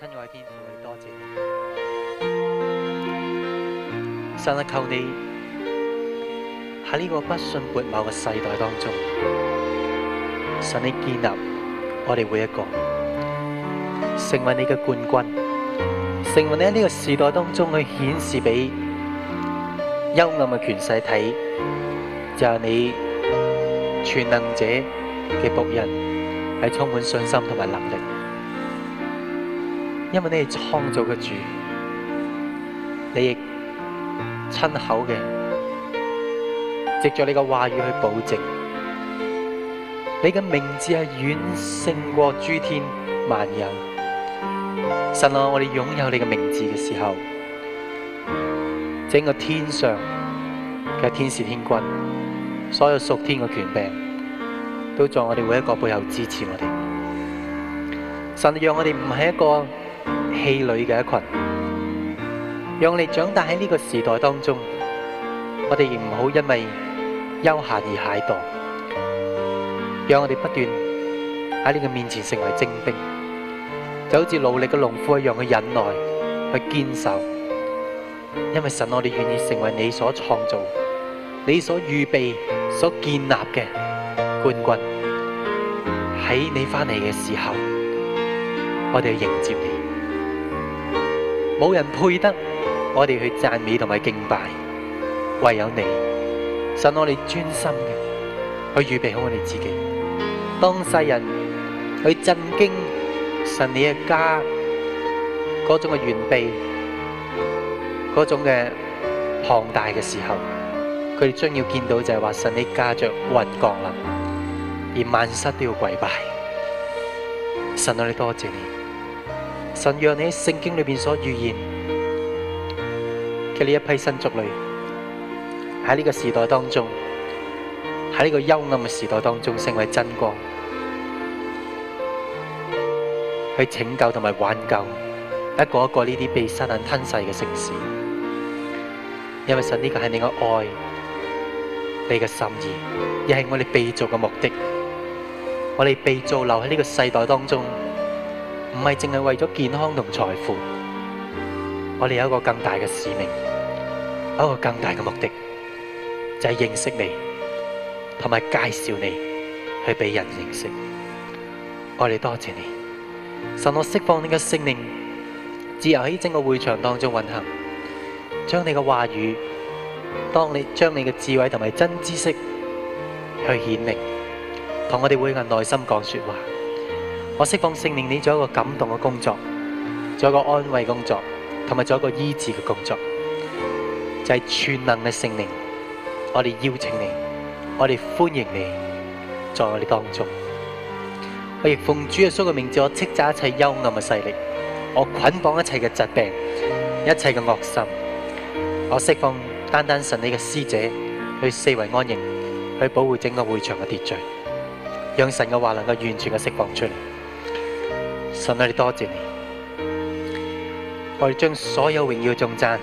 親愛的天父，多謝你，神啊，求你喺呢個不信悖謬嘅世代當中，神你建立我哋每一個，成為你嘅冠軍，成為你喺呢個時代當中去顯示俾幽暗嘅權勢睇，就係你全能者嘅僕人，係充滿信心同埋能力。因為你係創造嘅主，你亦親口嘅藉着你嘅話語去保證，你嘅名字係遠勝過諸天萬人。神啊，我哋擁有你嘅名字嘅時候，整個天上嘅天使天君，所有屬天嘅權柄，都在我哋每一個背後支持我哋。神，讓我哋唔係一個氣餒嘅一群，讓你長大喺呢個時代當中，我哋亦唔好因為悠閒而懈怠，讓我哋不斷喺你嘅面前成為精兵，就好似勞力嘅農夫一樣去忍耐、去堅守，因為神，我哋願意成為你所創造、你所預備、所建立嘅冠軍。喺你翻嚟嘅時候，我哋要迎接你。冇人配得我哋去讚美同埋敬拜，唯有你，神。我哋專心嘅去預備好我哋自己。當世人去震驚神你嘅家嗰種嘅完備、嗰種嘅龐大嘅時候，佢哋將要見到就係話，神你家着雲降臨，而萬世都要跪拜。神，我哋多謝你。神讓你喺聖經裏面所預言嘅呢一批新族類，喺呢個時代當中，喺呢個幽暗嘅時代當中，成為真光，去拯救同埋挽救一個一個呢啲被黑暗吞噬嘅城市。因為神，呢個係你嘅愛，你嘅心意，亦係我哋被造嘅目的。我哋被造留喺呢個世代當中。唔係淨係為咗健康同財富，我哋有一個更大嘅使命，有一個更大嘅目的，就係、是、認識你，同埋介紹你去俾人認識。我哋多謝，謝你，神，我釋放你嘅聖靈，自由喺整個會場當中運行，將你嘅話語，當你將你嘅智慧同埋真知識去顯明，同我哋會人內心講說話。我釋放聖靈，你做一個感動嘅工作，做一個安慰工作，同埋做一個醫治嘅工作，就係全能嘅聖靈。我哋邀請你，我哋歡迎你，在我哋當中。我亦奉主耶穌嘅名字，我斥責一切幽暗嘅勢力，我捆綁一切嘅疾病、一切嘅惡心。我釋放單單神你嘅使者去四圍安營，去保護整個會場嘅秩序，讓神嘅話能夠完全嘅釋放出來。神啊！我哋多謝你，我哋將所有榮耀、敬讚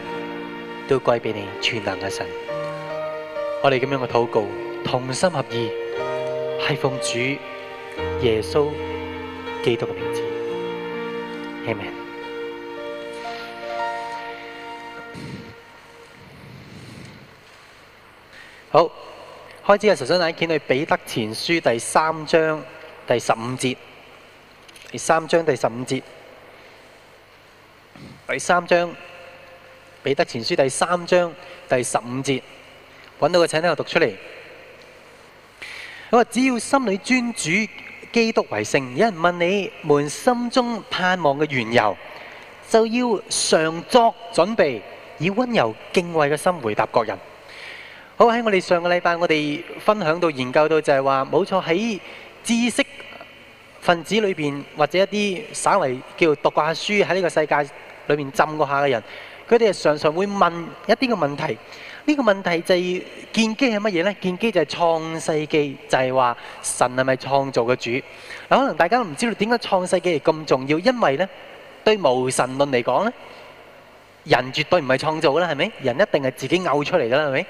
都歸俾你全能嘅神。我哋咁樣嘅禱告，同心合意，係奉主耶穌基督嘅名字。阿門。好，開始啊！神仔，我哋見去彼得前書第三章第十五節。第三章第十五節，第三章彼得前書第三章第十五節，揾到個請呢，我讀出嚟。我話，只要心裏尊主基督為聖，有人問你們心中盼望嘅緣由，就要常作準備，以溫柔敬畏嘅心回答各人。好，喺我哋上個禮拜，我哋分享到研究到就係話，冇錯，喺知識。分子裏邊或者一啲稍微叫讀過下書喺呢個世界裏面浸過下嘅人，佢哋常常會問一啲嘅問題。呢、呢個問題就係建基係乜嘢呢？建基就係創世記，就係、係、話神係咪創造嘅主？嗱，可能大家唔知道點解創世記咁重要，因為呢，對無神論嚟講呢，人絕對唔係創造嘅啦，係咪？人一定係自己嘔出嚟嘅啦，係咪？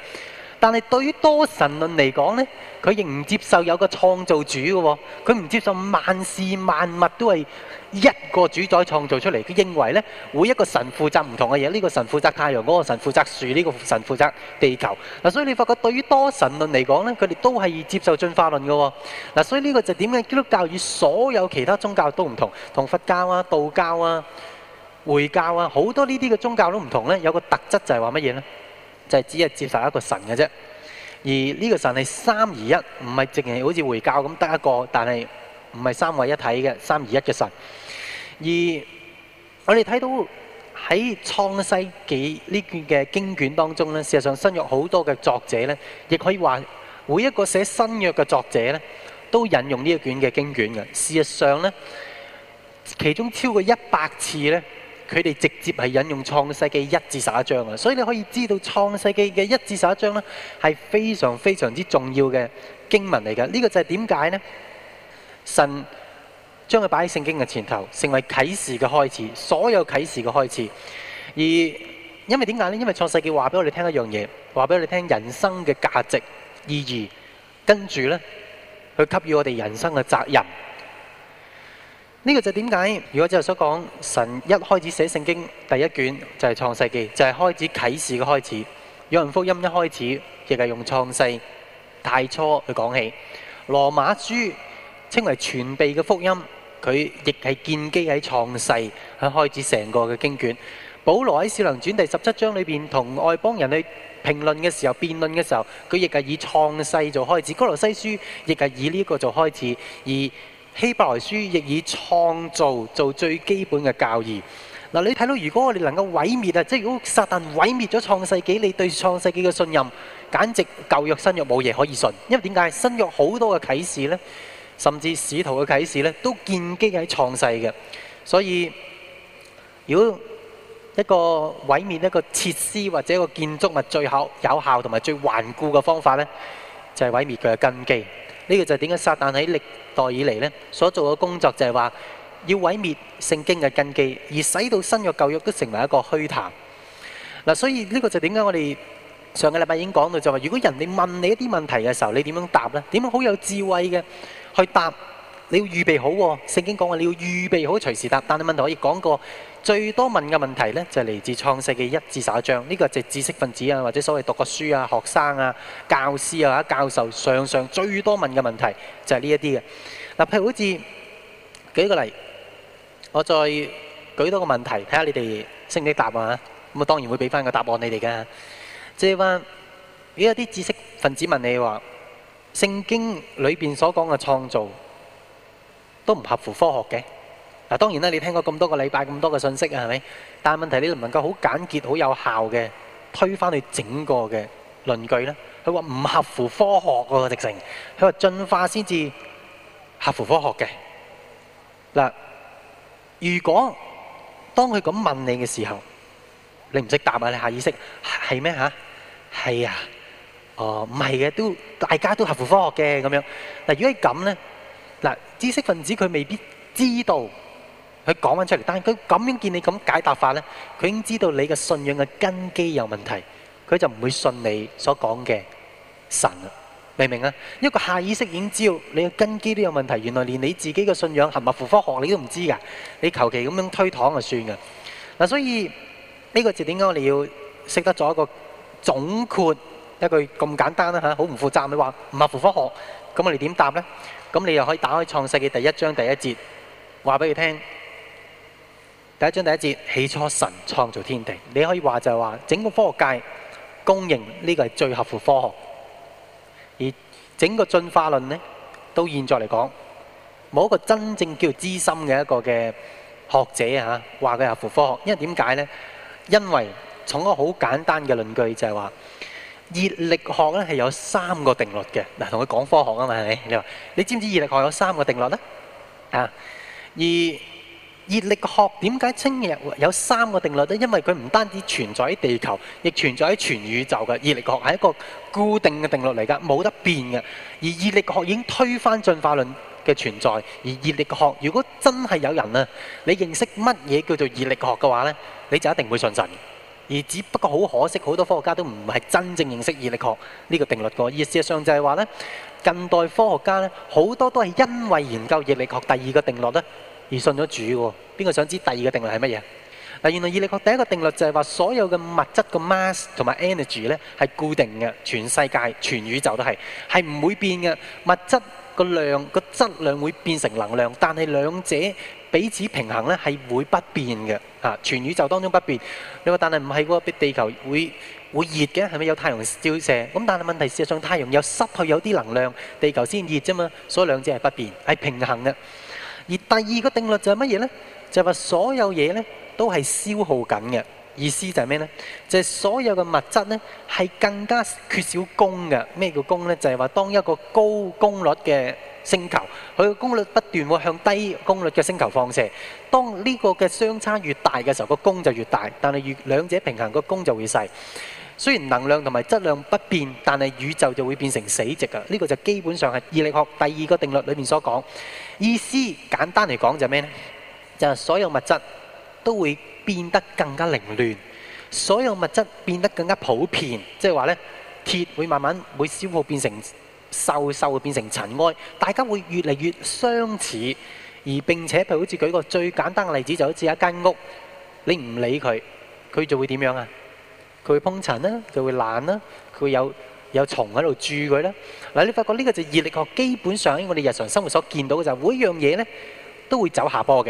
但係對於多神論嚟講呢，佢仍唔接受有個創造主嘅，佢唔接受萬事萬物都係一個主宰創造出嚟。佢認為呢，每一個神負責唔同嘅嘢，呢個神負責太陽，嗰個神負責樹，呢個神負責地球。嗱，所以你發覺對於多神論嚟講呢，佢哋都係接受進化論嘅。嗱，所以呢個就點解基督教與所有其他宗教都唔同，同佛教啊、道教啊、回教啊，好多呢啲嘅宗教都唔同呢。有個特質就係話乜嘢呢？就係只係接受一個神嘅啫，而呢個神係三而一，唔係淨係好似回教咁得一個，但係唔係三位一體嘅三而一嘅神。而我哋睇到喺創世紀呢卷嘅經卷當中呢，事實上新約好多嘅作者呢，亦可以話每一個寫新約嘅作者呢，都引用呢一卷嘅經卷嘅。事實上呢，其中超過一百次呢。佢哋直接係引用《創世記》一至十一章啊，所以你可以知道《創世記》嘅一至十一章呢係非常非常之重要嘅經文嚟嘅。呢個就係點解呢？神將佢擺喺聖經嘅前頭，成為啟示嘅開始，所有啟示嘅開始。而因為點解呢？因為《創世記》話俾我哋聽一樣嘢，話俾我哋聽人生嘅價值意義，跟住呢，佢給予我哋人生嘅責任。呢、這個就點解？如果之後所講，神一開始寫聖經第一卷就係創世記，就係、是、開始啟示嘅開始。約翰福音一開始亦係用創世、太初去講起。羅馬書稱為傳遞嘅福音，佢亦係建基喺創世喺開始成個嘅經卷。保羅喺《使徒行傳》第十七章裏邊同外邦人去評論嘅時候、辯論嘅時候，佢亦係以創世做開始。哥羅西書亦係以呢個做開始，而。希伯來書亦以創造做最基本嘅教義。嗱，你睇到如果我哋能夠毀滅啊，即係如果撒旦毀滅咗創世紀，你對創世紀嘅信任，簡直舊約新約冇嘢可以信。因為點解？新約好多嘅啟示呢，甚至使徒嘅啟示呢，都建基喺創世嘅。所以，如果一個毀滅一個設施或者一個建築物最好有效同埋最頑固嘅方法呢，就係毀滅佢嘅根基。呢個就係點解撒旦喺歷代以嚟呢，所做嘅工作就係話，要毀滅聖經嘅根基，而使到新約舊約都成為一個虛談。嗱，所以呢個就點解我哋上個禮拜已經講到就話，如果人哋問你一啲問題嘅時候，你點樣答呢？點樣好有智慧嘅去答？你要預備好喎，聖經講話你要預備好，隨時答。但係問題可以講個。最多問嘅問題咧，就係嚟自創世嘅一至十一章，呢個就係知識分子啊，或者所謂讀過書啊、學生啊、教師啊、或者教授上上最多問嘅問題就係呢一啲嘅。嗱，譬如好似舉個例，我再舉多個問題，睇下你哋識唔識答案啊？咁啊，當然會俾翻個答案你哋嘅。即係話，如果有一啲知識分子問你話，聖經裏邊所講嘅創造都唔合乎科學嘅。當然啦，你聽過咁多個禮拜咁多個信息啊，係咪？但係問題你能唔能夠好簡潔、好有效嘅推翻你整個嘅論據呢？佢話唔合乎科學喎，直情。佢話進化先至合乎科學嘅。嗱，如果當佢咁問你嘅時候，你唔識答啊？你下意識係咩吓？係啊。哦，唔係嘅，都大家都合乎科學嘅咁樣。嗱，如果係咁呢，嗱，知識分子佢未必知道。佢講翻出嚟，但係佢咁樣見你咁解答法咧，佢已經知道你嘅信仰嘅根基有問題，佢就唔會信你所講嘅神，明唔明啊？一個下意識已經知道你嘅根基都有問題，原來連你自己嘅信仰係咪符科學，你都唔知噶，你求其咁樣推搪就算噶。嗱，所以呢個字點解，我哋要識得做一個總括一句咁簡單啦嚇，好唔負責咪話唔係符科學，咁我哋點答咧？咁你又可以打開創世記第一章第一節，話俾佢聽。第一章第一節，起初神創造天地。你可以話就係話，整個科學界公認呢個係最合乎科學。而整個進化論呢，到現在嚟講，冇一個真正叫資深嘅一個嘅學者啊，話佢合乎科學。因為點解呢？因為從一個好簡單嘅論據就係話，熱力學咧係有三個定律嘅。嗱，同佢講科學啊嘛，係咪？你話你知唔知熱力學有三個定律呢？啊，而熱力學點解稱為有三個定律咧？因為佢唔單止存在喺地球，亦存在喺全宇宙嘅。熱力學係一個固定嘅定律嚟㗎，冇得變嘅。而熱力學已經推翻進化論嘅存在。而熱力學如果真係有人啊，你認識乜嘢叫做熱力學嘅話呢，你就一定會信神。而只不過好可惜，好多科學家都唔係真正認識熱力學呢個定律嘅意思。實上就係話呢，近代科學家呢，好多都係因為研究熱力學第二個定律呢。而信咗主嘅，邊個想知第二個定律係乜嘢？嗱，原來熱力學第一個定律就係話，所有嘅物質嘅 mass 同埋 energy 咧係固定嘅，全世界全宇宙都係，係唔會變嘅。物質個量個質量會變成能量，但係兩者彼此平衡咧係會不變嘅。嚇，全宇宙當中不變。你話但係唔係喎？地球會會熱嘅，係咪有太陽照射？咁但係問題，事實上太陽又失去有啲能量，地球先熱啫嘛。所以兩者係不變，係平衡嘅。而第二個定律就係乜嘢呢？就係話所有嘢呢都係消耗緊嘅。意思就係咩呢？就係所有嘅物質呢係更加缺少功嘅。咩叫功呢？就係話當一個高功率嘅星球，佢嘅功率不斷會向低功率嘅星球放射。當呢個嘅相差越大嘅時候，個功就越大。但係越兩者平衡，個功就會細。雖然能量同埋質量不變，但係宇宙就會變成死寂㗎。呢個就基本上係熱力學第二個定律裏面所講。意思簡單嚟講就係咩呢？就係所有物質都會變得更加凌亂，所有物質變得更加普遍。即係話呢，鐵會慢慢會消耗變成鏽，鏽會變成塵埃，大家會越嚟越相似，而並且譬如好似舉個最簡單嘅例子，就好似一間屋，你唔理佢，佢就會點樣啊？佢會崩塵啦，佢會爛啦，佢會有有蟲喺度蛀佢啦。嗱，你發覺呢個就係熱力學基本上喺我哋日常生活所見到嘅就係每一樣嘢咧都會走下坡嘅。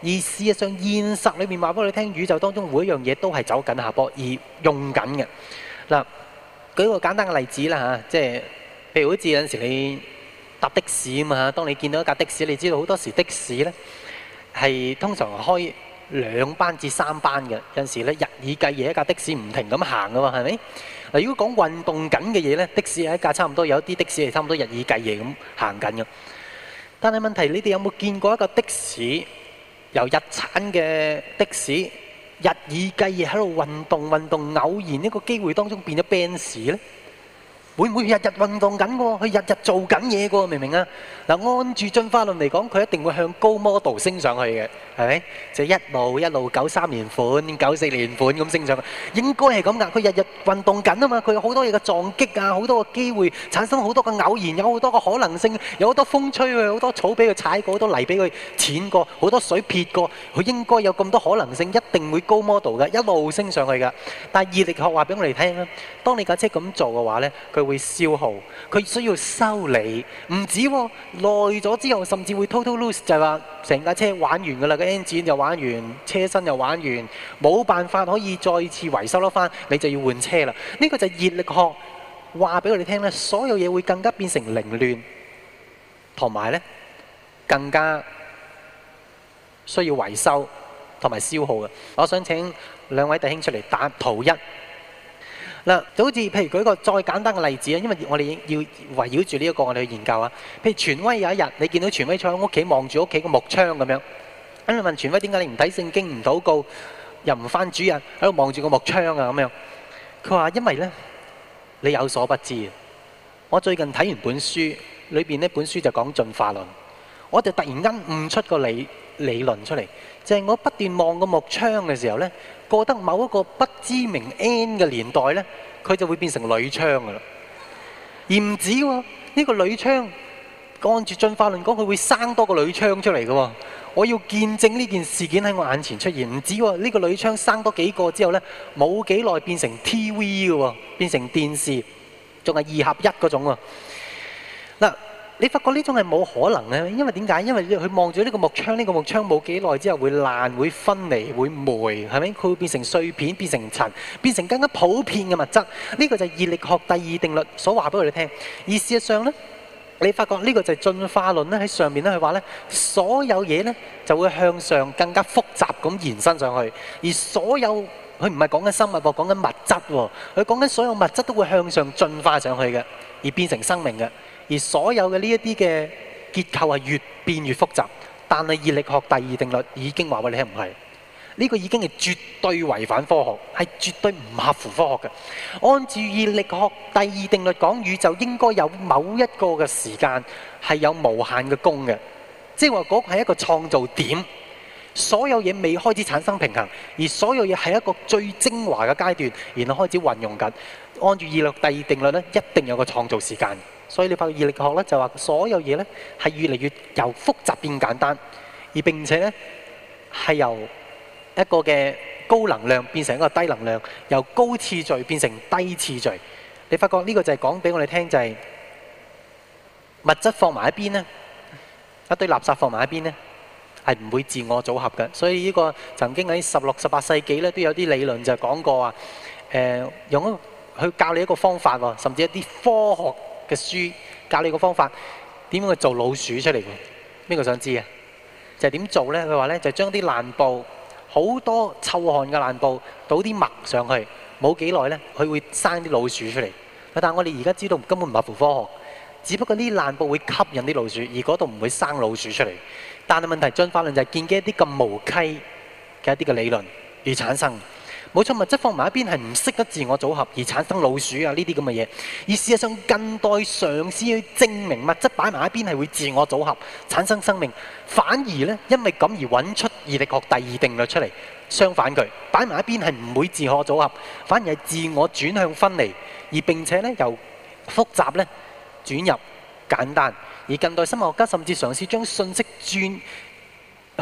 而事實上現實裏面話俾你聽，宇宙當中每一樣嘢都係走緊下坡而用緊嘅。嗱、啊，舉個簡單嘅例子啦吓、啊，即係譬如好似有陣時候你搭的士啊嘛嚇，當你見到一架的士，你知道好多時的士咧係通常開。兩班至三班嘅，有陣時咧日以繼夜一架的士唔停咁行噶嘛，係咪？嗱，如果講運動緊嘅嘢咧，的士有一架差唔多，有啲的士係差唔多日以繼夜咁行緊嘅。但係問題，你哋有冇見過一個的士由日產嘅的士日以繼夜喺度運動運動，偶然一個機會當中變咗 benz 咧？會唔會日日運動緊嘅？佢日日做緊嘢嘅，明唔明啊？嗱，按住進化論嚟講，佢一定會向高 model 升上去嘅。係咪？即係一路一路九三年款、九四年款咁升上去，應該係咁㗎。佢日日運動緊啊嘛，佢有好多嘢嘅撞擊啊，好多嘅機會產生好多嘅偶然，有好多嘅可能性，有好多風吹佢，好多草俾佢踩過，好多泥俾佢濺過，好多水撇過，佢應該有咁多可能性，一定會高 model 㗎，一路升上去㗎。但係熱力學話俾我哋聽咧，當你架車咁做嘅話咧，佢會消耗，佢需要修理。唔止喎，耐咗之後甚至會 total lose，就係話成架車玩完㗎啦。零件又玩完，車身又玩完，冇辦法可以再次維修得翻，你就要換車啦。呢個就係熱力學話俾我哋聽咧，所有嘢會更加變成凌亂，同埋咧更加需要維修同埋消耗嘅。我想請兩位弟兄出嚟打圖一。嗱，就好似譬如舉個再簡單嘅例子啊，因為我哋要圍繞住呢一個我哋去研究啊。譬如全威有一日，你見到全威坐喺屋企望住屋企個木窗咁樣。咁你問傳威點解你唔睇聖經唔禱告？又唔翻主任喺度望住個木窗啊咁樣？佢話，因為咧，你有所不知。我最近睇完本書，裏邊呢本書就講進化論。我就突然間悟出個理理論出嚟，就係我不斷望個木窗嘅時候咧，過得某一個不知名 n 嘅年代咧，佢就會變成女窗噶啦。而唔止喎，呢個女窗按住進化論講，佢會生多個女窗出嚟嘅喎。我要見證呢件事件喺我眼前出現，唔止喎、哦，呢、這個鋁窗生多幾個之後呢，冇幾耐變成 TV 嘅喎，變成電視，仲係二合一嗰種喎。嗱，你發覺呢種係冇可能咧，因為點解？因為佢望住呢個木窗，呢、這個木窗冇幾耐之後會爛、會分離、會霉，係咪？佢會變成碎片、變成塵、變成更加普遍嘅物質。呢、這個就係熱力學第二定律所話俾我哋聽，而事實上呢。你發覺呢個就係進化論咧，喺上面咧，佢話咧，所有嘢咧就會向上更加複雜咁延伸上去，而所有，佢唔係講緊生物喎，講緊物質喎，佢講緊所有物質都會向上進化上去嘅，而變成生命嘅，而所有嘅呢一啲嘅結構係越變越複雜，但係熱力學第二定律已經話喂，你係唔係？呢、個已經係絕對違反科學，係絕對唔合乎科學嘅。按住熱力學第二定律講，宇宙應該有某一個嘅時間係有無限嘅功嘅，即係話嗰個係一個創造點，所有嘢未開始產生平衡，而所有嘢係一個最精華嘅階段，然後開始運用緊。按住熱力學第二定律呢，一定有一個創造時間。所以你發覺熱力學呢，就話所有嘢呢，係越嚟越由複雜變簡單，而並且呢，係由。一個嘅高能量變成一個低能量，由高次序變成低次序。你發覺呢個就係講俾我哋聽，就係物質放埋一邊咧，一堆垃圾放埋一邊咧，係唔會自我組合嘅。所以呢個曾經喺十六、十八世紀咧都有啲理論就係講過話，誒，用一去教你一個方法喎，甚至一啲科學嘅書教你個方法，點樣去做老鼠出嚟嘅？邊個想知啊？就係點做咧？佢話咧就將啲爛布。好多臭汗嘅爛布，倒啲墨上去，冇幾耐呢，佢會生啲老鼠出嚟。但係我哋而家知道根本唔合乎科學，只不過呢爛布會吸引啲老鼠，而嗰度唔會生老鼠出嚟。但係問題，進化論就係建基一啲咁無稽嘅一啲嘅理論而產生。冇錯，物質放埋一邊係唔識得自我組合而產生老鼠啊、呢啲咁嘅嘢，而事實上近代嘗試去證明物質擺埋一邊係會自我組合產生生命，反而呢，因為咁而揾出熱力學第二定律出嚟。相反它，佢擺埋一邊係唔會自我組合，反而係自我轉向分離，而並且呢，由複雜呢，轉入簡單。而近代生物學家甚至嘗試將信息轉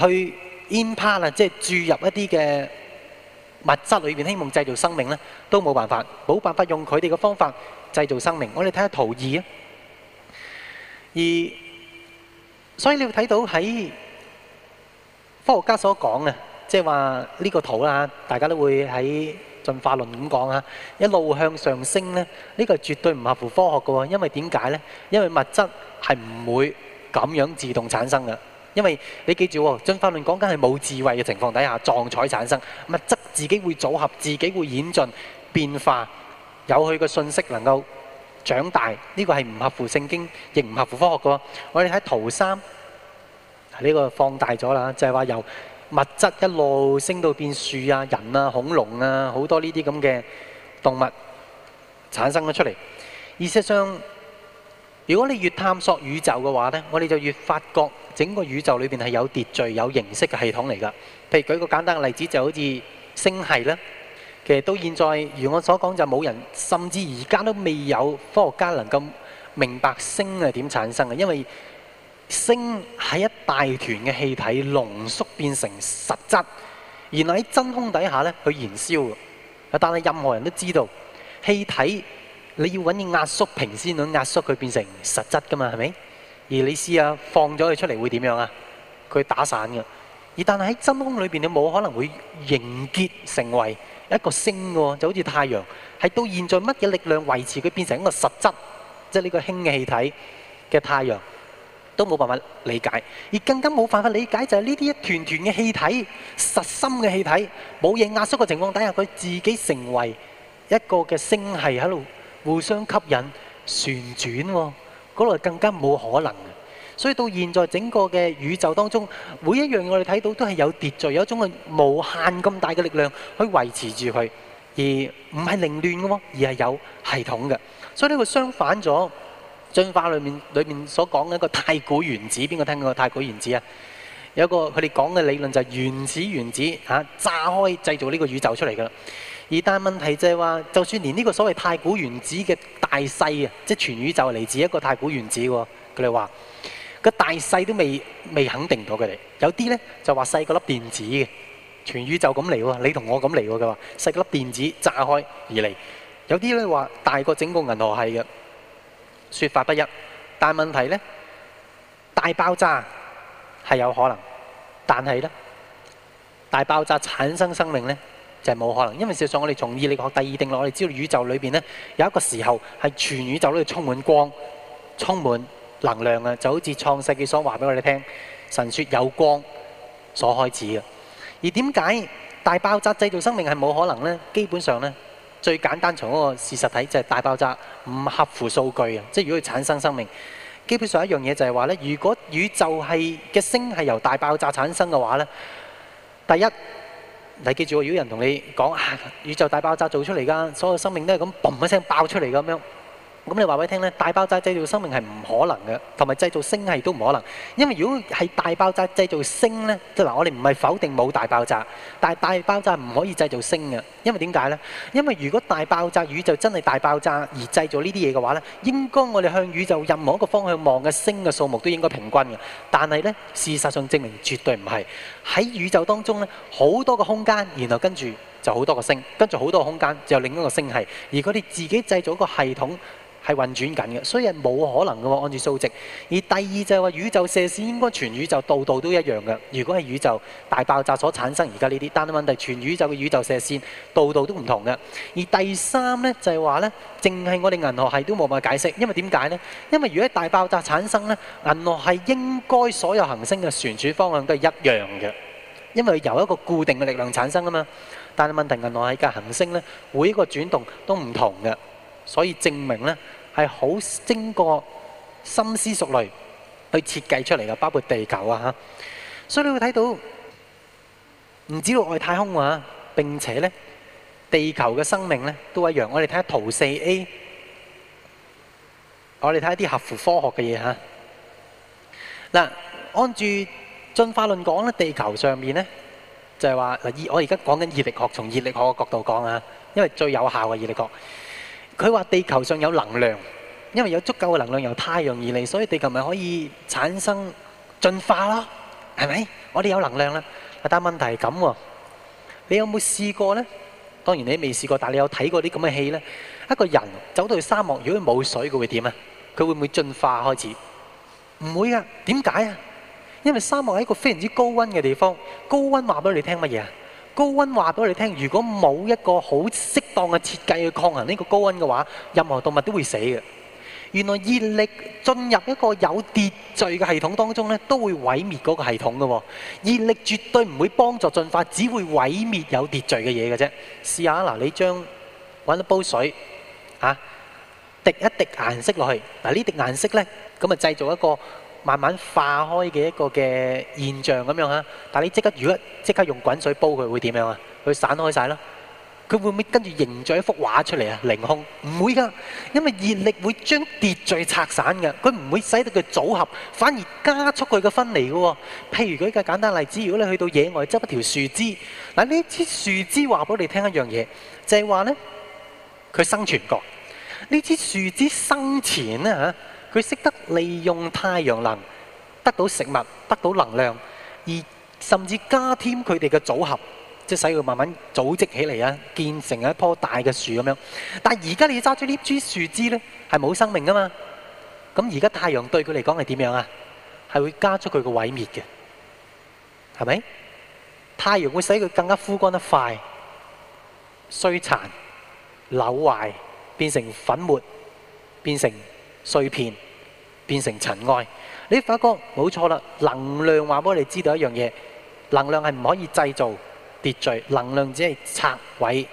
去 inpart 啦，即係注入一啲嘅。物質裏面希望製造生命呢，都冇辦法，冇辦法用佢哋嘅方法製造生命。我哋睇下圖二啊，而所以你會睇到喺科學家所講嘅，即係話呢個圖啦，大家都會喺進化論咁講啊，一路向上升呢，呢個絕對唔合乎科學嘅，因為點解呢？因為物質係唔會咁樣自動產生嘅。因為你記住喎，進化論講緊係冇智慧嘅情況底下，撞彩產生物質，自己會組合，自己會演進、變化，有佢嘅信息能夠長大。呢個係唔合乎聖經，亦唔合乎科學嘅。我哋喺圖三，呢個放大咗啦，就係話由物質一路升到變樹啊、人啊、恐龍啊，好多呢啲咁嘅動物產生咗出嚟。意識上。如果你越探索宇宙嘅話，呢我哋就越發覺整個宇宙裏面是有秩序、有形式嘅系統嚟㗎。譬如舉個簡單嘅例子，就好似星系啦。其實到現在，如我所講，就冇人，甚至而家都未有科學家能夠明白星系點產生嘅，因為星係一大團嘅氣體濃縮變成實質，質，而喺真空底下去燃燒。但係任何人都知道氣體。你要揾啲壓縮瓶先，能壓縮佢變成實質噶嘛，係咪？而你試下放咗佢出嚟會點樣啊？佢打散嘅。而但係喺真空裏邊，你冇可能會凝結成為一個星嘅喎，就好似太陽。係到現在乜嘢力量維持佢變成一個實質，即係呢個氫嘅氣體嘅太陽，都冇辦法理解。而更加冇辦法理解就係呢啲一團團嘅氣體、實心嘅氣體，冇嘢壓縮嘅情況底下，佢自己成為一個嘅星系喺度。互相吸引、旋轉喎、哦，嗰個更加冇可能嘅。所以到現在整個嘅宇宙當中，每一樣我哋睇到都係有秩序，有一種係無限咁大嘅力量可以維持住佢，而唔係凌亂嘅，而係有系統嘅。所以呢個相反咗進化裏面裏面所講嘅一個太古原子，邊個聽過太古原子啊？有一個佢哋講嘅理論就係原始原子嚇、啊、炸開製造呢個宇宙出嚟㗎啦。而大問題就係話，就算連呢個所謂太古原子嘅大細啊，即係全宇宙嚟自一個太古原子喎，佢哋話個大細都未未肯定到佢哋。有啲咧就話細個粒電子嘅，全宇宙咁嚟喎，你同我咁嚟喎，佢話細個粒電子炸開而嚟。有啲咧話大過整個銀河系嘅，説法不一。但問題咧，大爆炸係有可能，但係咧，大爆炸產生生命咧？就係冇可能，因為事實上我哋從熱力學第二定律，我哋知道宇宙裏面呢，有一個時候係全宇宙都係充滿光、充滿能量嘅，就好似創世記所話俾我哋聽，神説有光所開始嘅。而點解大爆炸製造生命係冇可能呢？基本上呢，最簡單從嗰個事實睇就係大爆炸唔合乎數據嘅，即係如果佢產生生命，基本上一樣嘢就係話呢：如果宇宙係嘅星系由大爆炸產生嘅話呢，第一。你記住，如果有人同你講啊，宇宙大爆炸做出嚟㗎，所有生命都係咁嘣一聲爆出嚟㗎咁咁你話俾我聽咧，大爆炸製造生命係唔可能嘅，同埋製造星系都唔可能。因為如果係大爆炸製造星咧，即係嗱，我哋唔係否定冇大爆炸，但係大爆炸唔可以製造星嘅。因為點解咧？因為如果大爆炸宇宙真係大爆炸而製造呢啲嘢嘅話咧，應該我哋向宇宙任何一個方向望嘅星嘅數目都應該平均嘅。但係咧，事實上證明絕對唔係。喺宇宙當中咧，好多個空間，然後跟住就好多個星，跟住好多個空間就有另一個星系。而佢哋自己製造一個系統。係運轉緊嘅，所以係冇可能嘅，按住數值，而第二就係話宇宙射線應該全宇宙度度都一樣嘅。如果係宇宙大爆炸所產生而家呢啲，但係問題全宇宙嘅宇宙射線度度都唔同嘅。而第三呢，就係話呢，淨係我哋銀河系都冇辦法解釋，因為點解呢？因為如果大爆炸產生呢，銀河系應該所有行星嘅旋轉方向都係一樣嘅，因為由一個固定嘅力量產生啊嘛。但係問題銀河系嘅行星呢，每一個轉動都唔同嘅。所以證明咧係好經過深思熟慮去設計出嚟嘅，包括地球啊嚇。所以你會睇到唔止外太空啊，並且咧地球嘅生命咧都一樣。我哋睇下圖四 A，我哋睇下啲合乎科學嘅嘢嚇。嗱，按住進化論講咧，地球上面咧就係話我而家講緊熱力學，從熱力學嘅角度講啊，因為最有效嘅熱力學。佢話地球上有能量，因為有足夠嘅能量由太陽而嚟，所以地球咪可以產生進化咯，係咪？我哋有能量啦，但問題係咁喎。你有冇試過咧？當然你都未試過，但你有睇過啲咁嘅戲咧？一個人走到去沙漠，如果冇水，佢會點啊？佢會唔會進化開始？唔會啊！點解啊？因為沙漠係一個非常之高温嘅地方，高温話畀你聽乜嘢？高溫話俾我哋聽，如果冇一個好適當嘅設計去抗衡呢個高溫嘅話，任何動物都會死嘅。原來熱力進入一個有秩序嘅系統當中呢，都會毀滅嗰個系統嘅喎。熱力絕對唔會幫助進化，只會毀滅有秩序嘅嘢嘅啫。試下啦，嗱，你將揾一煲水，嚇，滴一滴顏色落去，嗱，呢滴顏色呢，咁啊製造一個。慢慢化開嘅一個嘅現象咁樣嚇，但係你即刻如果即刻用滾水煲佢，佢會點樣啊？佢散開晒咯，佢會唔會跟住凝聚一幅畫出嚟啊？凌空唔會噶，因為熱力會將秩序拆散嘅，佢唔會使到佢組合，反而加速佢嘅分離嘅喎。譬如舉個簡單例子，如果你去到野外執一條樹枝，嗱，呢支樹枝話俾你聽一樣嘢，就係話咧，佢生存過呢支樹枝生前啊。嚇。佢識得利用太陽能得到食物、得到能量，而甚至加添佢哋嘅組合，即使佢慢慢組織起嚟啊，建成一樖大嘅樹咁樣。但係而家你要揸住呢株樹枝咧，係冇生命噶嘛？咁而家太陽對佢嚟講係點樣啊？係會加速佢嘅毀滅嘅，係咪？太陽會使佢更加枯乾得快，衰殘、朽壞、變成粉末、變成碎片變成塵埃，你發覺冇錯啦！能量話俾我哋知道一樣嘢：能量係唔可以製造秩序，能量只係拆毀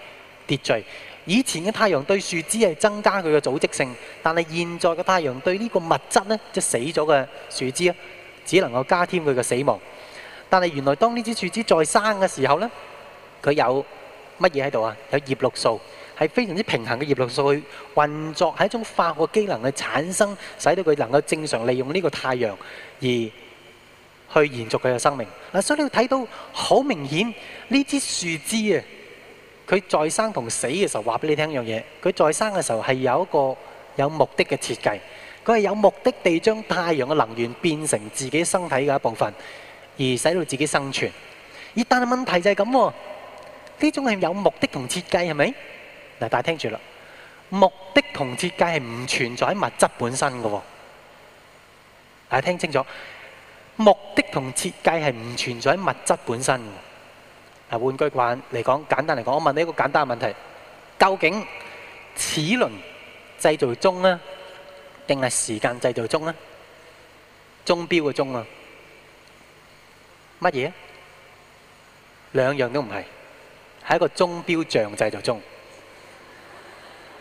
秩序。以前嘅太陽對樹枝係增加佢嘅組織性，但係現在嘅太陽對呢個物質呢，即係死咗嘅樹枝啊，只能夠加添佢嘅死亡。但係原來當呢支樹枝再生嘅時候呢，佢有乜嘢喺度啊？有葉綠素。係非常之平衡嘅葉綠素去運作，係一種化學機能去產生，使到佢能夠正常利用呢個太陽而去延續佢嘅生命。嗱，所以你要睇到好明顯，呢支樹枝啊，佢再生同死嘅時候話俾你聽一樣嘢，佢再生嘅時候係有一個有目的嘅設計，佢係有目的地將太陽嘅能源變成自己身體嘅一部分，而使到自己生存。而但係問題就係咁喎，呢種係有目的同設計係咪？嗱，大家聽住啦。目的同設計係唔存在喺物質本身嘅喎。大家聽清楚，目的同設計係唔存在喺物質本身嘅。啊，換句話嚟講，簡單嚟講，我問你一個簡單嘅問題：究竟齒輪製造鐘啊，定係時間製造鐘啊？鐘錶嘅鐘啊，乜嘢啊？兩樣都唔係，係一個鐘錶匠製造鐘。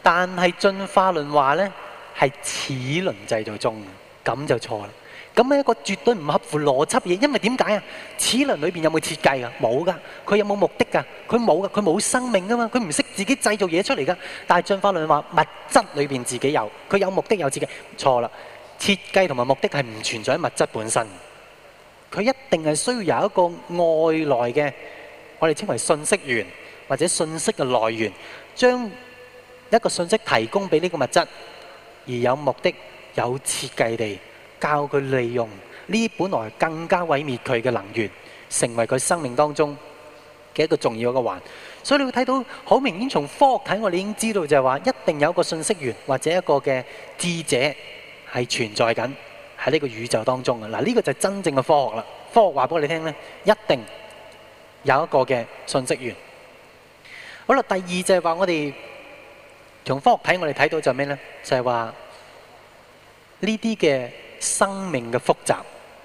但係進化論話呢係齒輪製造中，咁就錯啦。咁係一個絕對唔合乎邏輯嘢，因為點解啊？齒輪裏邊有冇設計噶？冇噶。佢有冇目的噶？佢冇噶。佢冇生命噶嘛。佢唔識自己製造嘢出嚟噶。但係進化論話物質裏邊自己有，佢有目的有設計，錯啦。設計同埋目的係唔存在喺物質本身。佢一定係需要有一個外來嘅，我哋稱為信息源或者信息嘅來源，將。一個信息提供俾呢個物質，而有目的、有設計地教佢利用呢啲本來更加毀滅佢嘅能源，成為佢生命當中嘅一個重要嘅環。所以你會睇到好明顯，從科學睇，我哋已經知道就係話，一定有一個信息源或者一個嘅智者係存在緊喺呢個宇宙當中嘅。嗱，呢個就係真正嘅科學啦。科學話俾我哋聽咧，一定有一個嘅信息源。好啦，第二就係話我哋。從科學睇，我哋睇到就係咩咧？就係話呢啲嘅生命嘅複雜，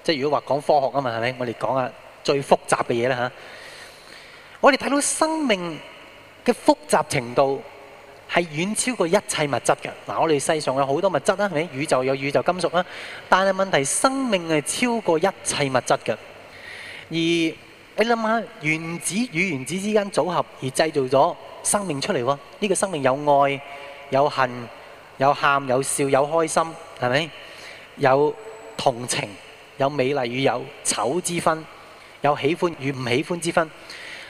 即係如果話講科學啊嘛，係咪？我哋講下最複雜嘅嘢啦吓，我哋睇到生命嘅複雜程度係遠超過一切物質嘅。嗱，我哋世上有好多物質啦，係咪？宇宙有宇宙金屬啊，但係問題是生命係超過一切物質嘅。而你諗下原子與原子之間組合而製造咗生命出嚟喎，呢個生命有愛、有恨、有喊、有笑、有開心，係咪？有同情、有美麗與有醜之分，有喜歡與唔喜歡之分。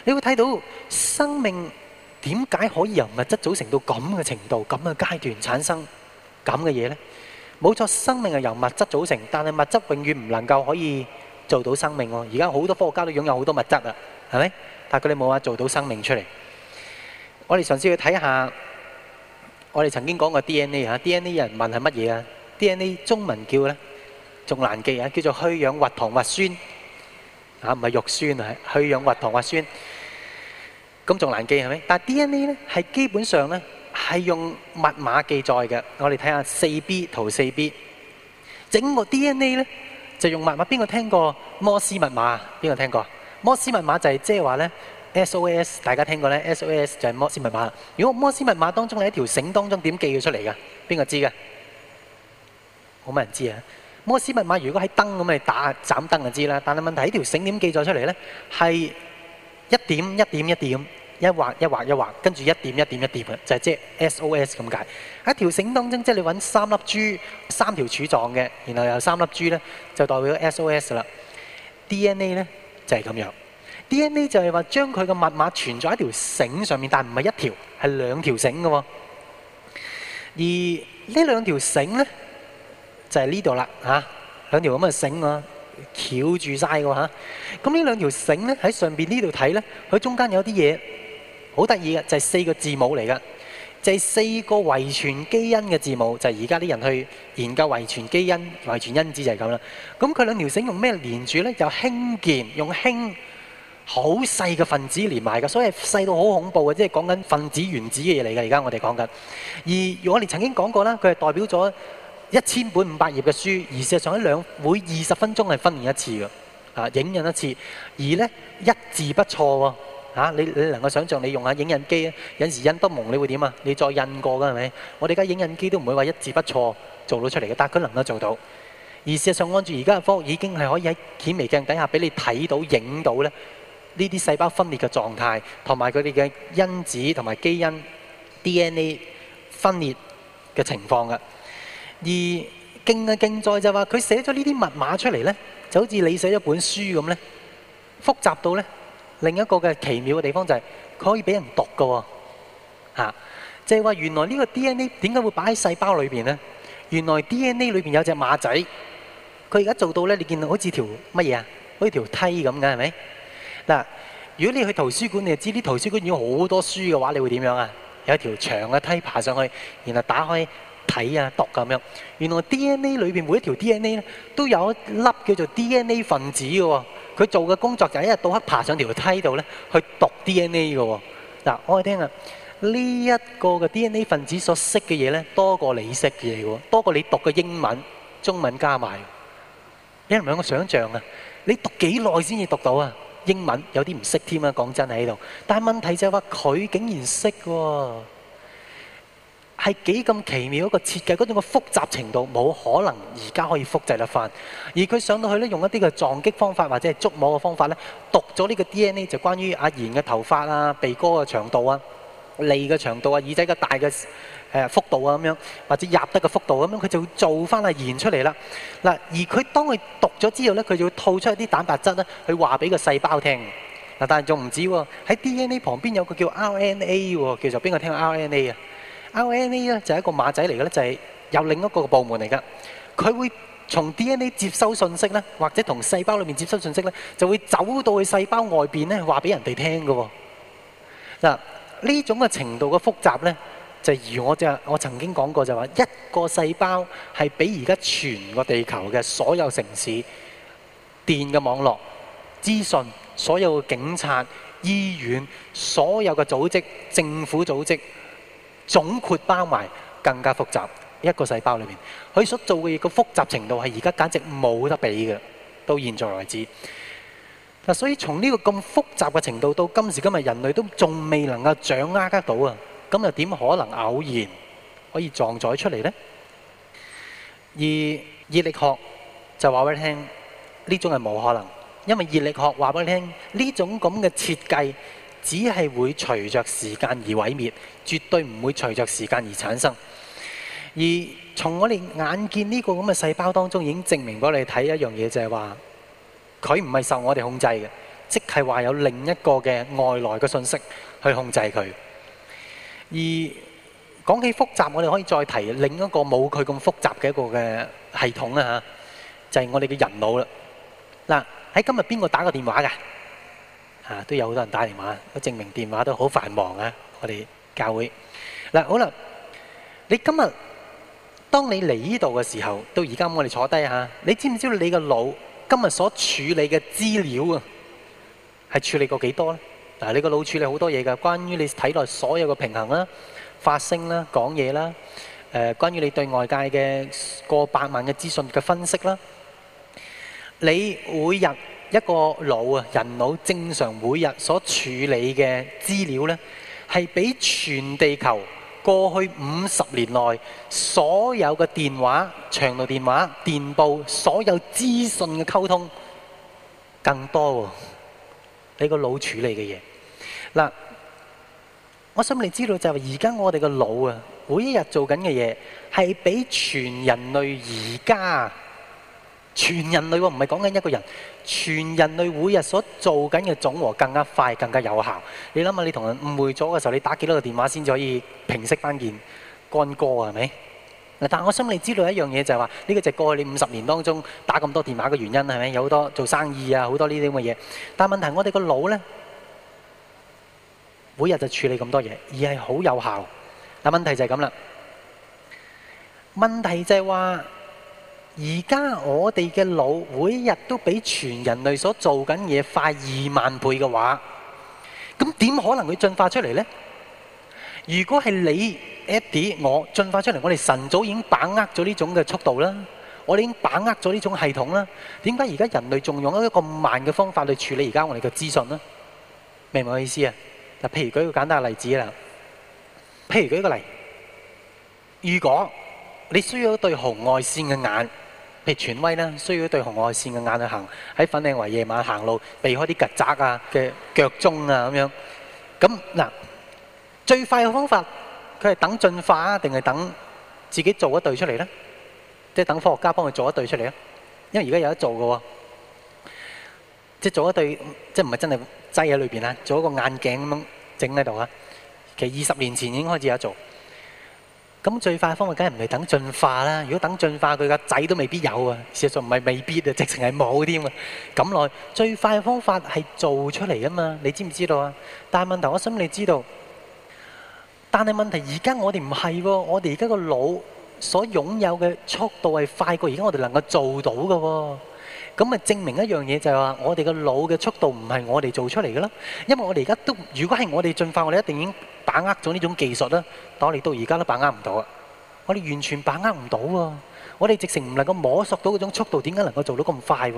你會睇到生命點解可以由物質組成到咁嘅程度、咁嘅階段產生咁嘅嘢呢？冇錯，生命係由物質組成，但係物質永遠唔能夠可以做到生命喎。而家好多科學家都擁有好多物質啦，係咪？但佢哋冇話做到生命出嚟。我哋上次去睇下，我哋曾經講過 DNA 嚇，DNA 人問係乜嘢啊？DNA 中文叫呢，仲難記啊，叫做去氧核糖核酸，啊唔係肉酸啊，去氧核糖核酸。咁仲難記係咪？但係 DNA 呢係基本上呢係用密碼記載嘅。我哋睇下四 B，圖四 B，整個 DNA 呢就用密碼。邊個聽過摩斯密碼啊？邊個聽過？摩斯密碼就係即係話呢。SOS，大家聽過咧，SOS 就係摩斯密碼。如果摩斯密碼當中你喺一條繩當中點記佢出嚟㗎？邊個知嘅？冇乜人知啊！摩斯密碼如果喺燈咁咪打盞燈就知啦。但係問題係條繩點記咗出嚟咧？係一點一點一點，一畫一畫一畫，跟住一點一點一點嘅，就係即係 SOS 咁解。喺條繩當中，即係你揾三粒珠，三條柱狀嘅，然後又三粒珠咧，就代表 SOS 啦。DNA 咧，就係咁樣。D N A 就係話將佢個密碼存在一條繩上面，但係唔係一條，係兩條繩嘅喎。而呢兩條繩咧就係呢度啦嚇，兩條咁嘅繩啊，翹住晒㗎嚇。咁、啊、呢兩條繩咧喺上邊呢度睇咧，佢中間有啲嘢好得意嘅，就係、是、四個字母嚟嘅，就係、是、四個遺傳基因嘅字母，就係而家啲人去研究遺傳基因、遺傳因子就係咁啦。咁佢兩條繩用咩連住咧？就氫鍵用氫。好細嘅分子連埋嘅，所以細到好恐怖嘅，即係講緊分子原子嘅嘢嚟嘅。而家我哋講緊，而我哋曾經講過啦，佢係代表咗一千本五百頁嘅書，而事實上喺兩會二十分鐘係分印一次嘅，啊，影印一次，而呢一字不錯喎、吓、你你能夠想像你用下影印機啊，有時印得蒙，你會點啊？你再印過嘅係咪？我哋而家影印機都唔會話一字不錯做到出嚟嘅，但係佢能夠做到。而事實上，按住而家嘅科學已經係可以喺顯微鏡底下俾你睇到、影到呢。呢啲細胞分裂嘅狀態同埋佢哋嘅因子同埋基因 DNA 分裂嘅情況嘅。而勁嘅勁在就話佢寫咗呢啲密碼出嚟呢，就好似你寫咗本書咁呢，複雜到呢，另一個嘅奇妙嘅地方就係、是、佢可以俾人讀嘅。嚇、啊，即係話原來呢個 DNA 點解會擺喺細胞裏邊呢？原來 DNA 裏邊有一隻馬仔，佢而家做到呢，你見到好似條乜嘢啊？好似條，條梯咁嘅係咪？嗱，如果你去圖書館，你就知啲圖書館如果有好多書嘅話，你會點樣啊？有一條長嘅梯爬上去，然後打開睇啊讀咁樣。原來 DNA 裏邊每一條 DNA 咧，都有一粒叫做 DNA 分子嘅喎。佢做嘅工作就係一日到黑爬上條梯度咧，去讀 DNA 嘅喎。嗱，我哋聽啊，呢一個嘅 DNA 分子所識嘅嘢咧，多過你識嘅嘢喎，多過你讀嘅英文、中文加埋。你係咪有個想像啊？你讀幾耐先至讀到啊？英文有啲唔識添啊！講真喺度，但係問題就係話佢竟然識喎，係幾咁奇妙一個設計，嗰種個複雜程度冇可能而家可以複製得翻。而佢上到去咧，用一啲嘅撞擊方法或者係觸摸嘅方法咧，讀咗呢個 DNA 就關於阿賢嘅頭髮啊、鼻哥嘅長度啊、脷嘅長度啊、耳仔嘅大嘅。誒幅度啊咁樣，或者入得個幅度咁樣，佢就會做翻啊，現出嚟啦。嗱，而佢當佢讀咗之後咧，佢就會吐出一啲蛋白質咧，去話俾個細胞聽。嗱，但係仲唔止喎？喺 DNA 旁邊有個叫 RNA 喎，叫做邊個聽 RNA 啊？RNA 咧就係一個馬仔嚟嘅咧，就係、是、有另一個部門嚟㗎。佢會從 DNA 接收信息咧，或者同細胞裡面接收信息咧，就會走到去細胞外邊咧，話俾人哋聽㗎。嗱，呢種嘅程度嘅複雜咧。就如我就我曾經講過，就話一個細胞係比而家全個地球嘅所有城市、電嘅網絡、資訊、所有嘅警察、醫院、所有嘅組織、政府組織，總括包埋，更加複雜。一個細胞裏面佢所做嘅嘢，個複雜程度係而家簡直冇得比嘅，到現在為止。但所以從呢個咁複雜嘅程度，到今時今日人類都仲未能夠掌握得到啊！咁又點可能偶然可以撞載出嚟呢？而熱力學就話俾你聽，呢種係冇可能，因為熱力學話俾你聽，呢種咁嘅設計只係會隨著時間而毀滅，絕對唔會隨著時間而產生。而從我哋眼見呢個咁嘅細胞當中已經證明過，你睇一樣嘢就係話，佢唔係受我哋控制嘅，即係話有另一個嘅外來嘅信息去控制佢。而講起複雜，我哋可以再提另一個冇佢咁複雜嘅一個嘅系統啦。吓，就係我哋嘅人腦啦。嗱，喺今日邊個打過電話㗎？吓，都有好多人打電話，證明電話都好繁忙啊！我哋教會。嗱，好啦，你今日當你嚟呢度嘅時候，到而家我哋坐低吓，你知唔知道你個腦今日所處理嘅資料啊，係處理過幾多呢？嗱，你個腦處理好多嘢㗎，關於你體內所有嘅平衡啦、發聲啦、講嘢啦，誒、呃，關於你對外界嘅過百萬嘅資訊嘅分析啦，你每日一個腦啊，人腦正常每日所處理嘅資料呢，係比全地球過去五十年內所有嘅電話、長途電話、電報所有資訊嘅溝通更多喎，你個腦處理嘅嘢。嗱，我想你知道就係話而家我哋個腦啊，每一日做緊嘅嘢係比全人類而家全人類喎，唔係講緊一個人，全人類每日所做緊嘅總和更加快、更加有效。你諗下，你同人誤會咗嘅時候，你打幾多個電話先可以平息翻件干戈啊？係咪？嗱，但係我想你知道一樣嘢就係話，呢個就係過去你五十年當中打咁多電話嘅原因係咪？有好多做生意啊，好多呢啲咁嘅嘢。但係問題我哋個腦呢。每日就處理咁多嘢，而係好有效。嗱，問題就係咁啦。問題就係話，而家我哋嘅腦，每日都比全人類所做緊嘢快二萬倍嘅話，咁點可能會進化出嚟呢？如果係你 Adi 我進化出嚟，我哋神早已經把握咗呢種嘅速度啦，我哋已經把握咗呢種系統啦。點解而家人類仲用一個咁慢嘅方法去處理而家我哋嘅資訊呢？明唔明我意思啊？嗱，譬如舉一個簡單嘅例子啦。譬如舉一個例，如果你需要一對紅外線嘅眼，譬如傳威啦，需要一對紅外線嘅眼去行喺粉嶺圍夜晚行路，避開啲曱甴啊嘅腳蹤啊咁樣。咁嗱，最快嘅方法，佢係等進化啊，定係等自己做一對出嚟咧？即係等科學家幫佢做一對出嚟咧？因為而家有得做嘅喎，即係做一對，即係唔係真係擠喺裏邊啊？做一個眼鏡咁樣。整喺度啊！其實二十年前已經開始有做。咁最快嘅方法，梗係唔係等進化啦？如果等進化，佢個仔都未必有啊！事實上唔係未必啊，直情係冇添啊！咁耐最快嘅方法係做出嚟啊嘛！你知唔知道啊？但係問題，我想你知道。但係問題，而家我哋唔係喎。我哋而家個腦所擁有嘅速度係快過而家我哋能夠做到嘅喎。咁咪證明一樣嘢就係話，我哋個腦嘅速度唔係我哋做出嚟嘅咯。因為我哋而家都，如果係我哋進化，我哋一定已經把握咗呢種技術啦。但係我哋到而家都把握唔到啊！我哋完全把握唔到喎。我哋直情唔能夠摸索到嗰種速度，點解能夠做到咁快？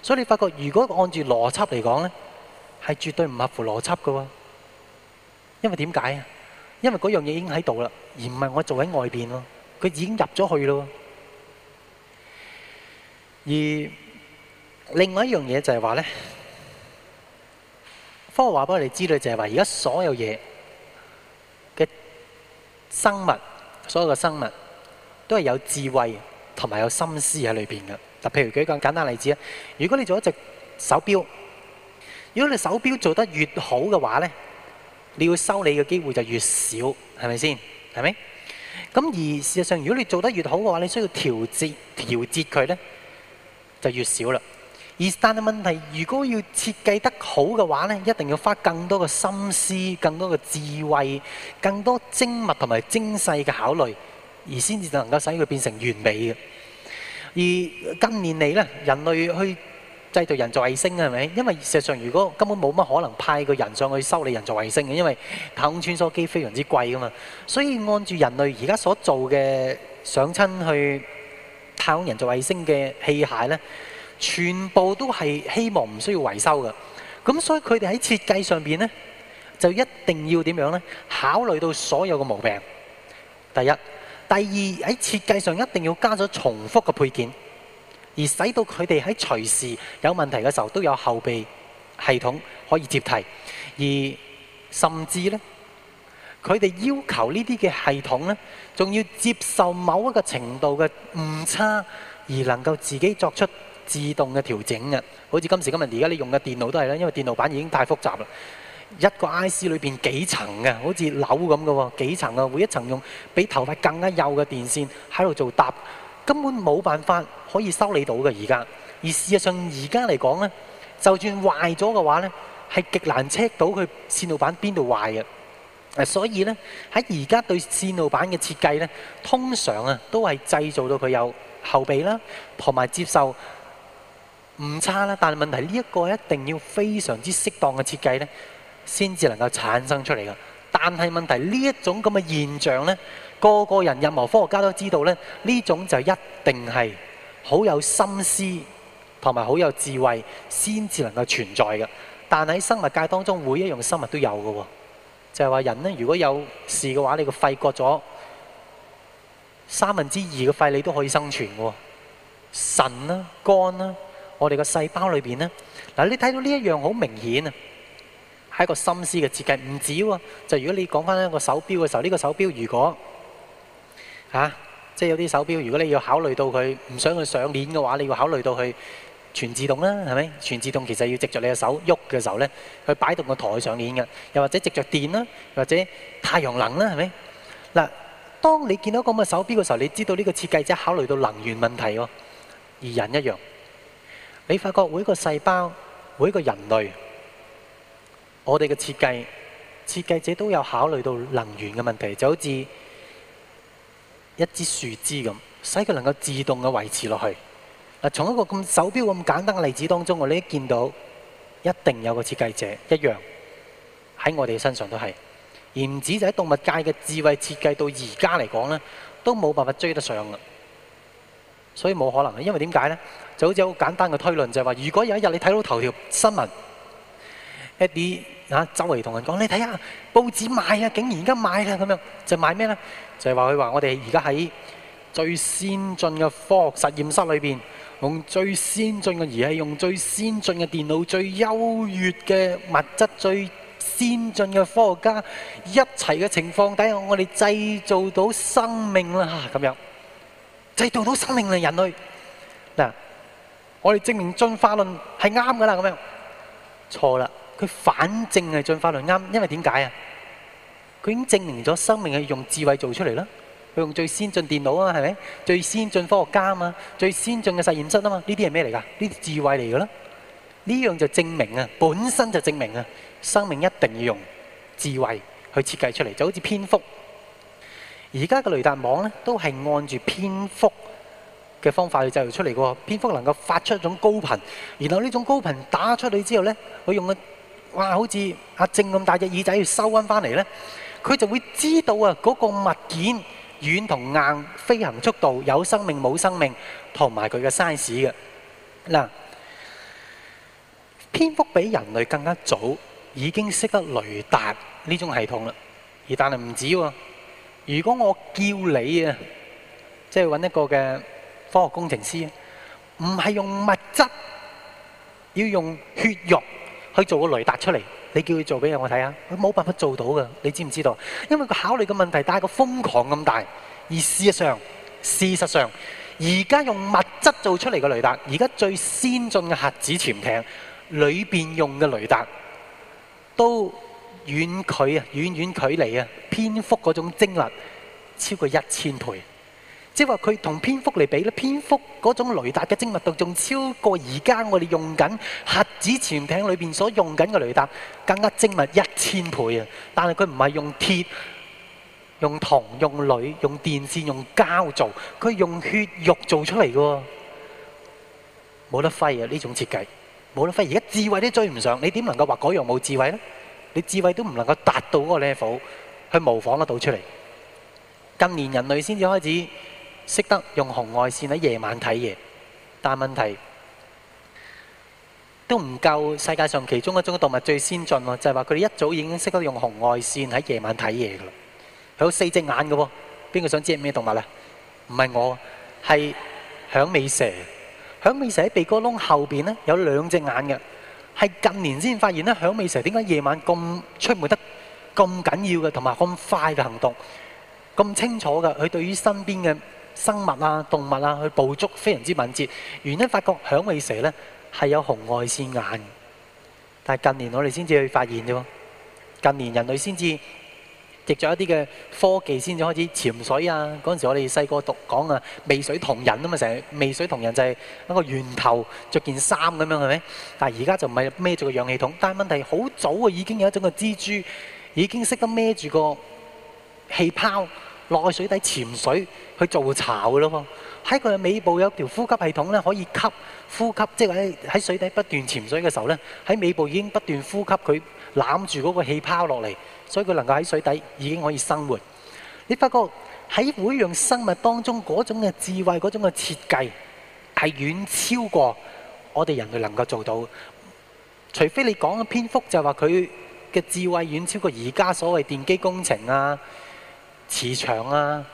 所以你發覺，如果按住邏輯嚟講咧，係絕對唔合乎邏輯嘅。因為點解？因為嗰樣嘢已經喺度啦，而唔係我做喺外面咯。佢已經入咗去咯，而。另外一樣嘢就係話咧，科學話俾我哋知道就係話，而家所有嘢嘅生物，所有嘅生物都係有智慧同埋有心思喺裏邊嘅。嗱，譬如舉一個簡單例子啊，如果你做一隻手錶，如果你手錶做得越好嘅話咧，你要修理嘅機會就越少，係咪先？係咪？咁而事實上，如果你做得越好嘅話，你需要調節調節佢咧，就越少啦。而但問題，如果要設計得好嘅話呢，一定要花更多嘅心思，更多嘅智慧，更多精密同埋精細嘅考慮，而先至能夠使佢變成完美嘅。而近年嚟呢，人類去製造人造衛星，係咪？因為事實上，如果根本冇乜可能派個人上去修理人造衛星嘅，因為太空穿梭機非常之貴㗎嘛。所以按住人類而家所做嘅，上親去太空人造衛星嘅器械呢全部都係希望唔需要維修嘅，咁所以佢哋喺設計上邊呢，就一定要點樣呢？考慮到所有嘅毛病，第一、第二喺設計上一定要加咗重複嘅配件，而使到佢哋喺隨時有問題嘅時候都有後備系統可以接替，而甚至呢，佢哋要求呢啲嘅系統呢，仲要接受某一個程度嘅誤差，而能夠自己作出自動嘅調整啊，好似今時今日而家你用嘅電腦都係啦，因為電腦板已經太複雜啦。一個 IC 裏邊幾層啊，好似樓咁嘅喎，幾層啊，每一層用比頭髮更加幼嘅電線喺度做搭，根本冇辦法可以修理到嘅而家。而事實上，而家嚟講呢，就算壞咗嘅話呢，係極難 check 到佢線路板邊度壞嘅。所以呢，喺而家對線路板嘅設計呢，通常啊都係製造到佢有後備啦，同埋接受。唔差啦，但係問題呢，一個一定要非常之適當嘅設計咧，先至能夠產生出嚟嘅。但係問題呢一種咁嘅現象呢，個個人，任何科學家都知道咧，呢種就一定係好有心思同埋好有智慧先至能夠存在嘅。但喺生物界當中，每一樣生物都有嘅喎，就係、是、話人呢如果有事嘅話，你個肺割咗三分之二嘅肺，你都可以生存嘅。腎啦、啊，肝啦、啊。我哋個細胞裏面呢，嗱你睇到呢一樣好明顯啊，係一個心思嘅設計，唔止喎。就如果你講返一個手錶嘅時候，呢個手錶如果嚇、啊，即係有啲手錶，如果你要考慮到佢唔想佢上鏈嘅話，你要考慮到佢全自動啦，係咪？全自動其實要藉着你嘅手喐嘅時候呢，去擺動個台上鏈嘅，又或者藉着電啦，又或者太陽能啦，係咪？嗱，當你見到咁嘅手錶嘅時候，你知道呢個設計者考慮到能源問題喎，而人一樣。你發覺每一個細胞，每一個人類，我哋嘅設計設計者都有考慮到能源嘅問題，就好似一枝樹枝咁，使佢能夠自動嘅維持落去。嗱，從一個咁手錶咁簡單嘅例子當中，我哋一見到一定有一個設計者一樣喺我哋身上都係。而唔止就喺動物界嘅智慧設計，到而家嚟講咧，都冇辦法追得上噶，所以冇可能。因為點解咧？就好似好簡單嘅推論，就係話：如果有一日你睇到頭條新聞，一啲啊周圍同人講，你睇下報紙賣啊，竟然而家賣啦咁樣，就賣咩咧？就係話佢話我哋而家喺最先進嘅科學實驗室裏邊，用最先進嘅儀器，用最先進嘅電腦、最優越嘅物質、最先進嘅科學家一齊嘅情況底下，我哋製造到生命啦咁樣，製造到生命啦人類嗱。啊我哋證明進化論係啱噶啦，樣錯了樣錯啦。佢反正係進化論啱，因為點解啊？佢已經證明咗生命係用智慧做出嚟啦。佢用最先進電腦啊，係咪？最先進科學家嘛，最先進嘅實驗室吖嘛，呢啲係咩嚟噶？呢啲智慧嚟噶啦。呢樣就證明啊，本身就證明啊，生命一定要用智慧去設計出嚟，就好似蝙蝠。而家嘅雷達網呢都係按住蝙蝠。嘅方法去製造出嚟嘅喎，蝙蝠能夠發出一種高頻，然後呢種高頻打出去之後咧，佢用個哇好似阿正咁大隻耳仔去收翻翻嚟咧，佢就會知道啊嗰個物件軟同硬、飛行速度、有生命冇生命同埋佢嘅 size 嘅。嗱，蝙蝠比人類更加早已經識得雷達呢種系統啦，而但係唔止喎。如果我叫你啊，即係揾一個嘅。科學工程師唔係用物質，要用血肉去做個雷達出嚟。你叫佢做俾我睇下，佢冇辦法做到嘅，你知唔知道？因為佢考慮嘅問題，太過瘋狂咁大。而事實上，事實上，而家用物質做出嚟嘅雷達，而家最先進嘅核子潛艇裏邊用嘅雷達，都遠距啊，遠遠距離啊，蝙蝠嗰種精率超過一千倍。即係話佢同蝙蝠嚟比咧，蝙蝠嗰種雷達嘅精密度仲超過而家我哋用緊核子潛艇裏邊所用緊嘅雷達，更加精密一千倍啊！但係佢唔係用鐵、用銅、用鋁、用電線、用膠做，佢係用血肉做出嚟嘅喎，冇得揮啊！呢種設計冇得揮，而家智慧都追唔上，你點能夠話嗰樣冇智慧咧？你智慧都唔能夠達到嗰個 level 去模仿得到出嚟。近年人類先至開始。識得用紅外線喺夜晚睇嘢，但係問題都唔夠，世界上其中一種動物最先進咯，就係話佢哋一早已經識得用紅外線喺夜晚睇嘢噶啦。佢有四隻眼噶喎，邊個想知係咩動物啊？唔係我，係響尾蛇。響尾蛇喺鼻哥窿後邊咧有兩隻眼嘅，係近年先發現咧響尾蛇點解夜晚咁出沒得咁緊要嘅，同埋咁快嘅行動，咁清楚嘅，佢對於身邊嘅。生物啊、動物啊，去捕捉非常之敏捷。原因是發覺響尾蛇咧係有紅外線眼，但係近年我哋先至去發現啫。近年人類先至藉著一啲嘅科技先至開始潛水啊。嗰陣時我哋細個讀講啊，未水同人啊嘛，成日未水同人就係一個圓頭着件衫咁樣係咪？但係而家就唔係孭住個氧氣筒。但係問題好早啊，已經有一種嘅蜘蛛已經識得孭住個氣泡落去水底潛水。去做巢嘅咯。喺佢嘅尾部有條呼吸系統咧，可以吸呼吸，即係喺喺水底不斷潛水嘅時候咧，喺尾部已經不斷呼吸，佢攬住嗰個氣泡落嚟，所以佢能夠喺水底已經可以生活。你發覺喺每樣生物當中嗰種嘅智慧、嗰種嘅設計，係遠超過我哋人類能夠做到。除非你講嘅蝙蝠就話，佢嘅智慧遠超過而家所謂電機工程啊、磁場啊。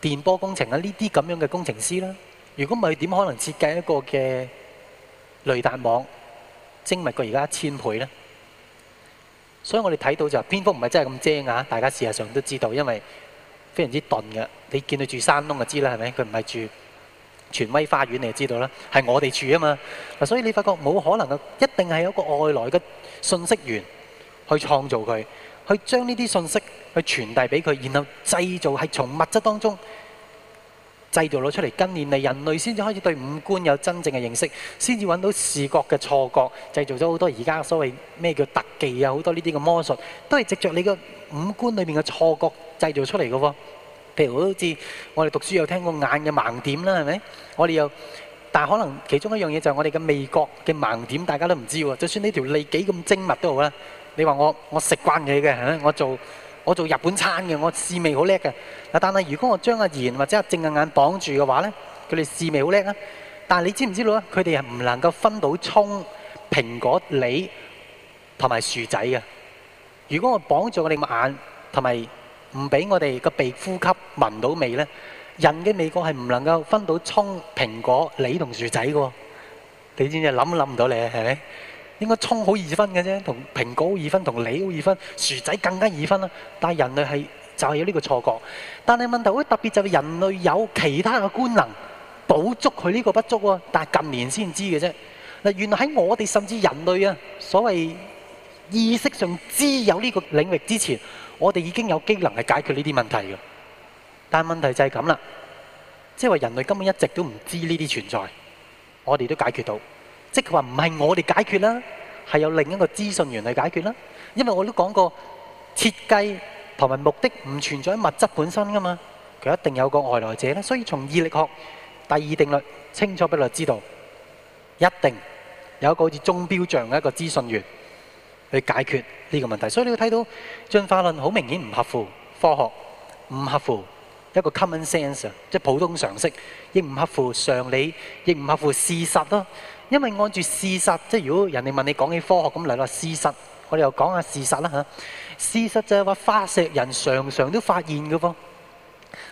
電波工程啊，呢啲咁樣嘅工程師啦，如果唔係點可能設計一個嘅雷達網，精密過而家一千倍咧？所以我哋睇到就係蝙蝠唔係真係咁精啊！大家事實上都知道，因為非常之鈍嘅。你見佢住山窿就知啦，係咪？佢唔係住荃威花園，你就知道啦。係我哋住啊嘛。嗱，所以你發覺冇可能啊，一定係有一個外來嘅信息源去創造佢。去將呢啲信息去傳遞俾佢，然後製造，係從物質當中製造攞出嚟。近年嚟人類先至開始對五官有真正嘅認識，先至揾到視覺嘅錯覺，製造咗好多而家所謂咩叫特技啊，好多呢啲嘅魔術，都係藉着你嘅五官裏面嘅錯覺製造出嚟嘅喎。譬如好似我哋讀書有聽過眼嘅盲點啦，係咪？我哋又，但可能其中一樣嘢就係我哋嘅味覺嘅盲點，大家都唔知喎。就算呢條脷幾咁精密都好啦。你話我我食慣嘢嘅，我做我做日本餐嘅，我試味好叻嘅。嗱，但係如果我將阿賢或者阿正嘅眼綁住嘅話咧，佢哋試味好叻啊。但係你知唔知道咧？佢哋係唔能夠分到葱、蘋果、梨同埋薯仔嘅。如果我綁住我哋眼同埋唔俾我哋個鼻呼吸聞到味咧，人嘅味覺係唔能夠分到葱、蘋果、梨同薯仔嘅。你知唔知，諗都諗唔到你呀，係咪？應該充好易分嘅啫，同蘋果易分，同梨易分，薯仔更加易分啦。但係人類係就係有呢個錯覺。但係問題好特別就係人類有其他嘅官能補足佢呢個不足啊。但係近年先知嘅啫。嗱，原來喺我哋甚至人類啊，所謂意識上知有呢個領域之前，我哋已經有機能係解決呢啲問題嘅。但係問題就係咁啦，即係話人類根本一直都唔知呢啲存在，我哋都解決到。即係佢話唔係我哋解決啦，係有另一個資訊源嚟解決啦。因為我都講過，設計同埋目的唔存在喺物質本身噶嘛，佢一定有個外來者啦。所以從二力學第二定律清楚畀大家知道，一定有個好似鐘錶匠嘅一個資訊源去解決呢個問題。所以你要睇到進化論好明顯唔合乎科學，唔合乎，一個 common sense，即普通常識，亦唔合乎常理，亦唔合乎事實咯。因為按住事實，即係如果人哋問你講起科學咁嚟話事實，我哋又講下事實啦嚇。事實就係話化石人常常都發現嘅噃。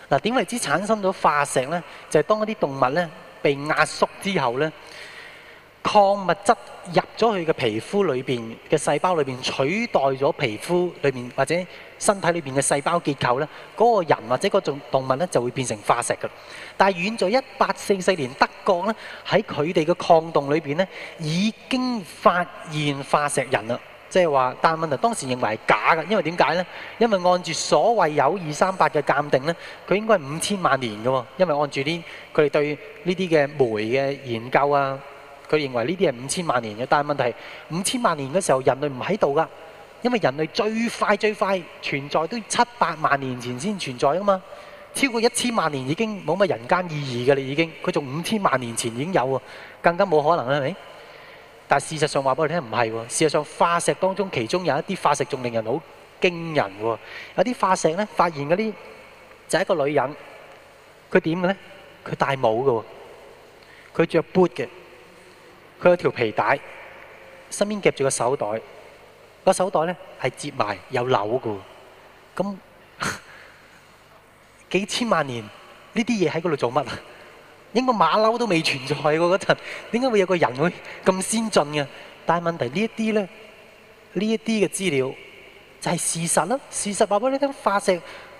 嗱，點為之產生咗化石咧？就係、是、當一啲動物咧被壓縮之後咧。礦物質入咗佢嘅皮膚裏邊嘅細胞裏邊，取代咗皮膚裏面，或者身體裏邊嘅細胞結構咧，嗰個人或者嗰種動物咧就會變成化石噶。但係遠在一八四四年德國咧喺佢哋嘅礦洞裏邊咧已經發現化石人啦，即係話但問題啊，當時認為係假嘅，因為點解咧？因為按住所謂有二三八嘅鑑定咧，佢應該係五千萬年噶喎，因為按住呢，佢哋對呢啲嘅煤嘅研究啊。佢認為呢啲係五千萬年嘅，但係問題五千萬年嘅時候人類唔喺度㗎，因為人類最快最快存在都七百萬年前先存在㗎嘛，超過一千萬年已經冇乜人間意義㗎啦已經。佢仲五千萬年前已經有喎，更加冇可能係咪？但事實上話俾你聽唔係喎，事實上化石當中其中有一啲化石仲令人好驚人喎，有啲化石發現嗰啲就係一個女人，佢點嘅咧？佢戴帽㗎喎，佢著 boot 嘅。佢有一條皮帶，身邊夾住個手袋，個手袋咧係折埋有扭嘅，咁幾千萬年呢啲嘢喺嗰度做乜啊？應該馬騮都未存在過，嗰陣點解會有個人會咁先進嘅？但係問題係呢一啲咧，呢一啲嘅資料就係事實啦。事實話俾你聽，化石。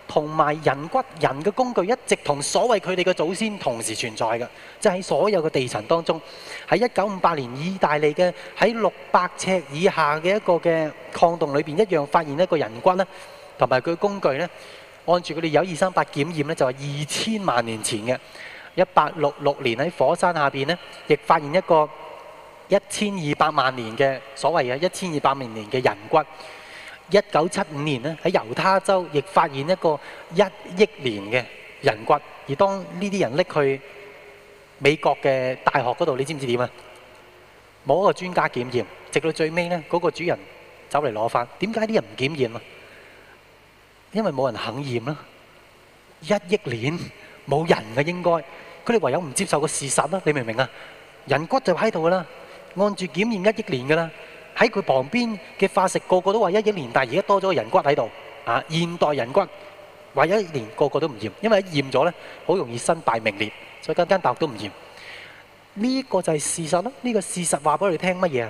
同埋人骨、人嘅工具一直同所謂佢哋嘅祖先同時存在嘅，即係喺所有嘅地層當中，喺一九五八年，意大利嘅喺六百尺以下嘅一個嘅礦洞裏面一樣發現一個人骨咧，同埋佢工具咧，按住佢哋有二三八檢驗咧，就係二千萬年前嘅一八六六年喺火山下面咧，亦發現一個一千二百萬年嘅所謂嘅一千二百萬年嘅人骨。一九七五年咧，喺猶他州亦發現一個一億年嘅人骨，而當呢啲人拎去美國嘅大學嗰度，你知唔知點啊？冇一個專家檢驗，直到最尾咧，嗰個主人走嚟攞返。點解啲人唔檢驗啊？因為冇人肯驗啦。一億年冇人嘅應該，佢哋唯有唔接受個事實啦。你明唔明啊？人骨就喺度啦，按住檢驗一億年噶啦。喺佢旁邊嘅化石，個個都話一億年，但係而家多咗個人骨喺度啊！現代人骨話一億年，個個都唔驗，因為一驗咗咧，好容易身敗名裂，所以間間大學都唔驗。呢個就係事實啦。呢個事實話俾你聽乜嘢？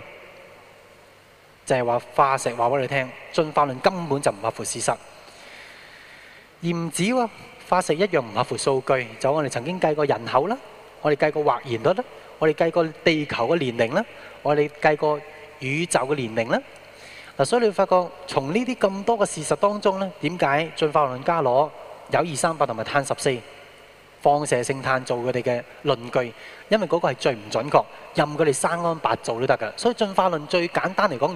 就係話化石話俾你聽，進化論根本就唔合乎事實。驗字喎，化石一樣唔合乎數據。就我哋曾經計過人口啦，我哋計過畫言率啦，我哋計過地球嘅年齡啦，我哋計過宇宙嘅年齡咧，嗱，所以你會發覺從呢啲咁多嘅事實當中咧，點解進化論家攞鈾二三八同埋碳十四放射性碳做佢哋嘅論據？因為嗰個係最唔準確，任佢哋生安白做都得㗎。所以進化論最簡單嚟講，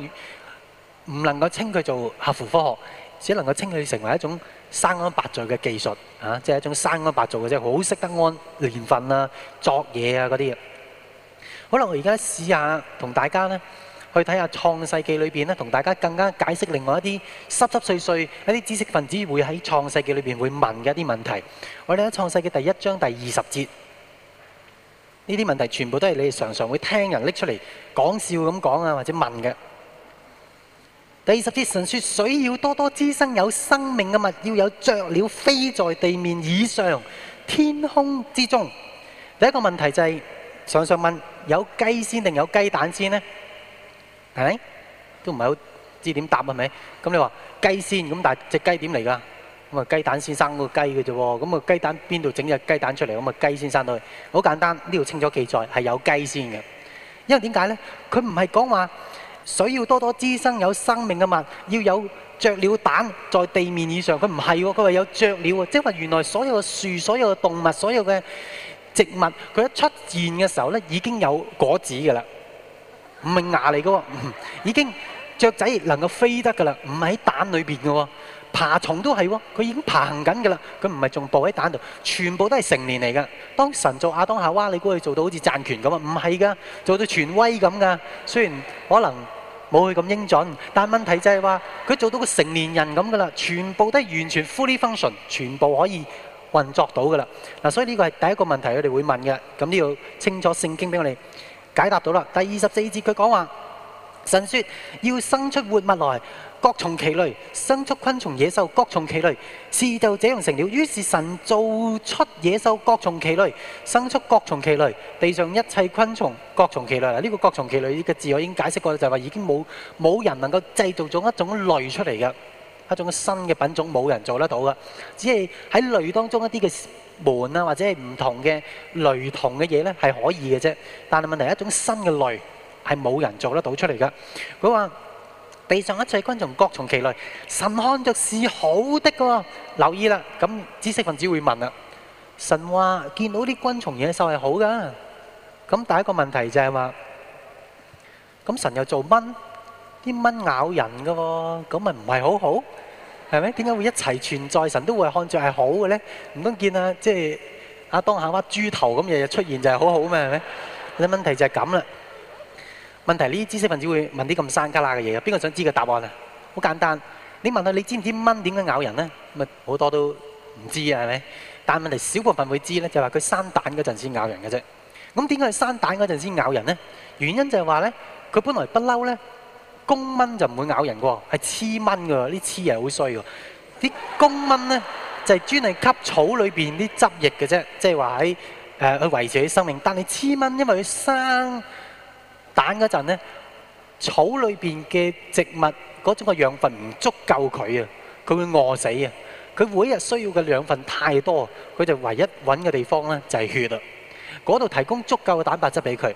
唔能夠稱佢做合乎科學，只能夠稱佢成為一種生安白做嘅技術，嚇、啊，即係一種生安白做嘅啫，好識得安年份啊、作嘢啊嗰啲。可能我而家試下同大家咧。去睇下《創世記》裏面咧，同大家更加解釋另外一啲濕濕碎碎一啲知識分子會喺《創世記》裏面會問嘅一啲問題。我哋喺《創世記》第一章第二十節，呢啲問題全部都係你哋常常會聽人拎出嚟講笑咁講啊，或者問嘅。第二十節，神說：「水要多多滋生有生命嘅物，要有雀鳥飛在地面以上、天空之中。」第一個問題就係常常問：有雞先定有雞蛋先呢？係，都唔係好知點答係咪？咁你話雞先咁，但係隻雞點嚟㗎？咁啊雞蛋先生嗰個雞嘅啫喎，咁啊雞蛋邊度整隻雞蛋出嚟？咁啊雞先生到去，好簡單，呢度清楚記載係有雞先嘅。因為點解咧？佢唔係講話水要多多滋生有生命嘅物，要有雀鳥蛋在地面以上。佢唔係喎，佢話有雀鳥啊，即係話原來所有嘅樹、所有嘅動物、所有嘅植物，佢一出現嘅時候咧，已經有果子㗎啦。唔係牙嚟嘅，已經雀仔能夠飛得嘅啦，唔係喺蛋裏邊嘅喎，爬蟲都係喎，佢已經爬行緊嘅啦，佢唔係仲抱喺蛋度，全部都係成年嚟嘅。當神造亞當夏娃，你估佢做到好似攢拳咁啊？唔係噶，做到權威咁噶。雖然可能冇佢咁英俊，但問題就係話佢做到個成年人咁嘅啦，全部都係完全 fully function，全部可以運作到嘅啦。嗱，所以呢個係第一個問題，佢哋會問嘅，咁呢度清楚聖經俾我哋。解答到啦。第二十四節佢講話，神說要生出活物來，各從其類，生出昆蟲野獸各從其類。事就這樣成了。於是神做出野獸各從其類，生出各從其類。地上一切昆蟲各從其類。嗱，呢個各從其類呢個字我已經解釋過啦，就係話已經冇冇人能夠製造種一種類出嚟嘅一種新嘅品種，冇人做得到嘅，只係喺類當中一啲嘅。門啊，或者係唔同嘅類同嘅嘢咧，係可以嘅啫。但係問題係一種新嘅類係冇人做得到出嚟㗎。佢話地上一切昆蟲各從其類，神看著是好的喎。留意啦，咁知識分子會問啦。神話見到啲昆蟲野獸係好㗎，咁第一個問題就係話，咁神又做蚊，啲蚊咬人嘅喎，咁咪唔係好好？係咪？點解會一齊存在神？神都會看着係好嘅咧。唔通見啊，即係阿當夏娃豬頭咁日日出現就係好好咩？係咪？但 問題就係咁啦。問題呢啲知識分子會問啲咁山卡拉嘅嘢啊，邊個想知個答案啊？好簡單，你問下你知唔知道蚊點解咬人咧？咪好多都唔知啊，係咪？但問題少部分會知咧，就話、係、佢生蛋嗰陣先咬人嘅啫。咁點解係生蛋嗰陣先咬人咧？原因就係話咧，佢本來不嬲咧。公蚊就唔會咬人喎，係黐蚊噶，啲黐蚊好衰噶。啲公蚊咧就係專係吸草裏邊啲汁液嘅啫，即係話喺誒去維持佢生命。但係黐蚊，因為佢生蛋嗰陣咧，草裏邊嘅植物嗰種嘅養分唔足夠佢啊，佢會餓死啊。佢每日需要嘅養分太多，佢就唯一揾嘅地方咧就係血啊。嗰度提供足夠嘅蛋白質俾佢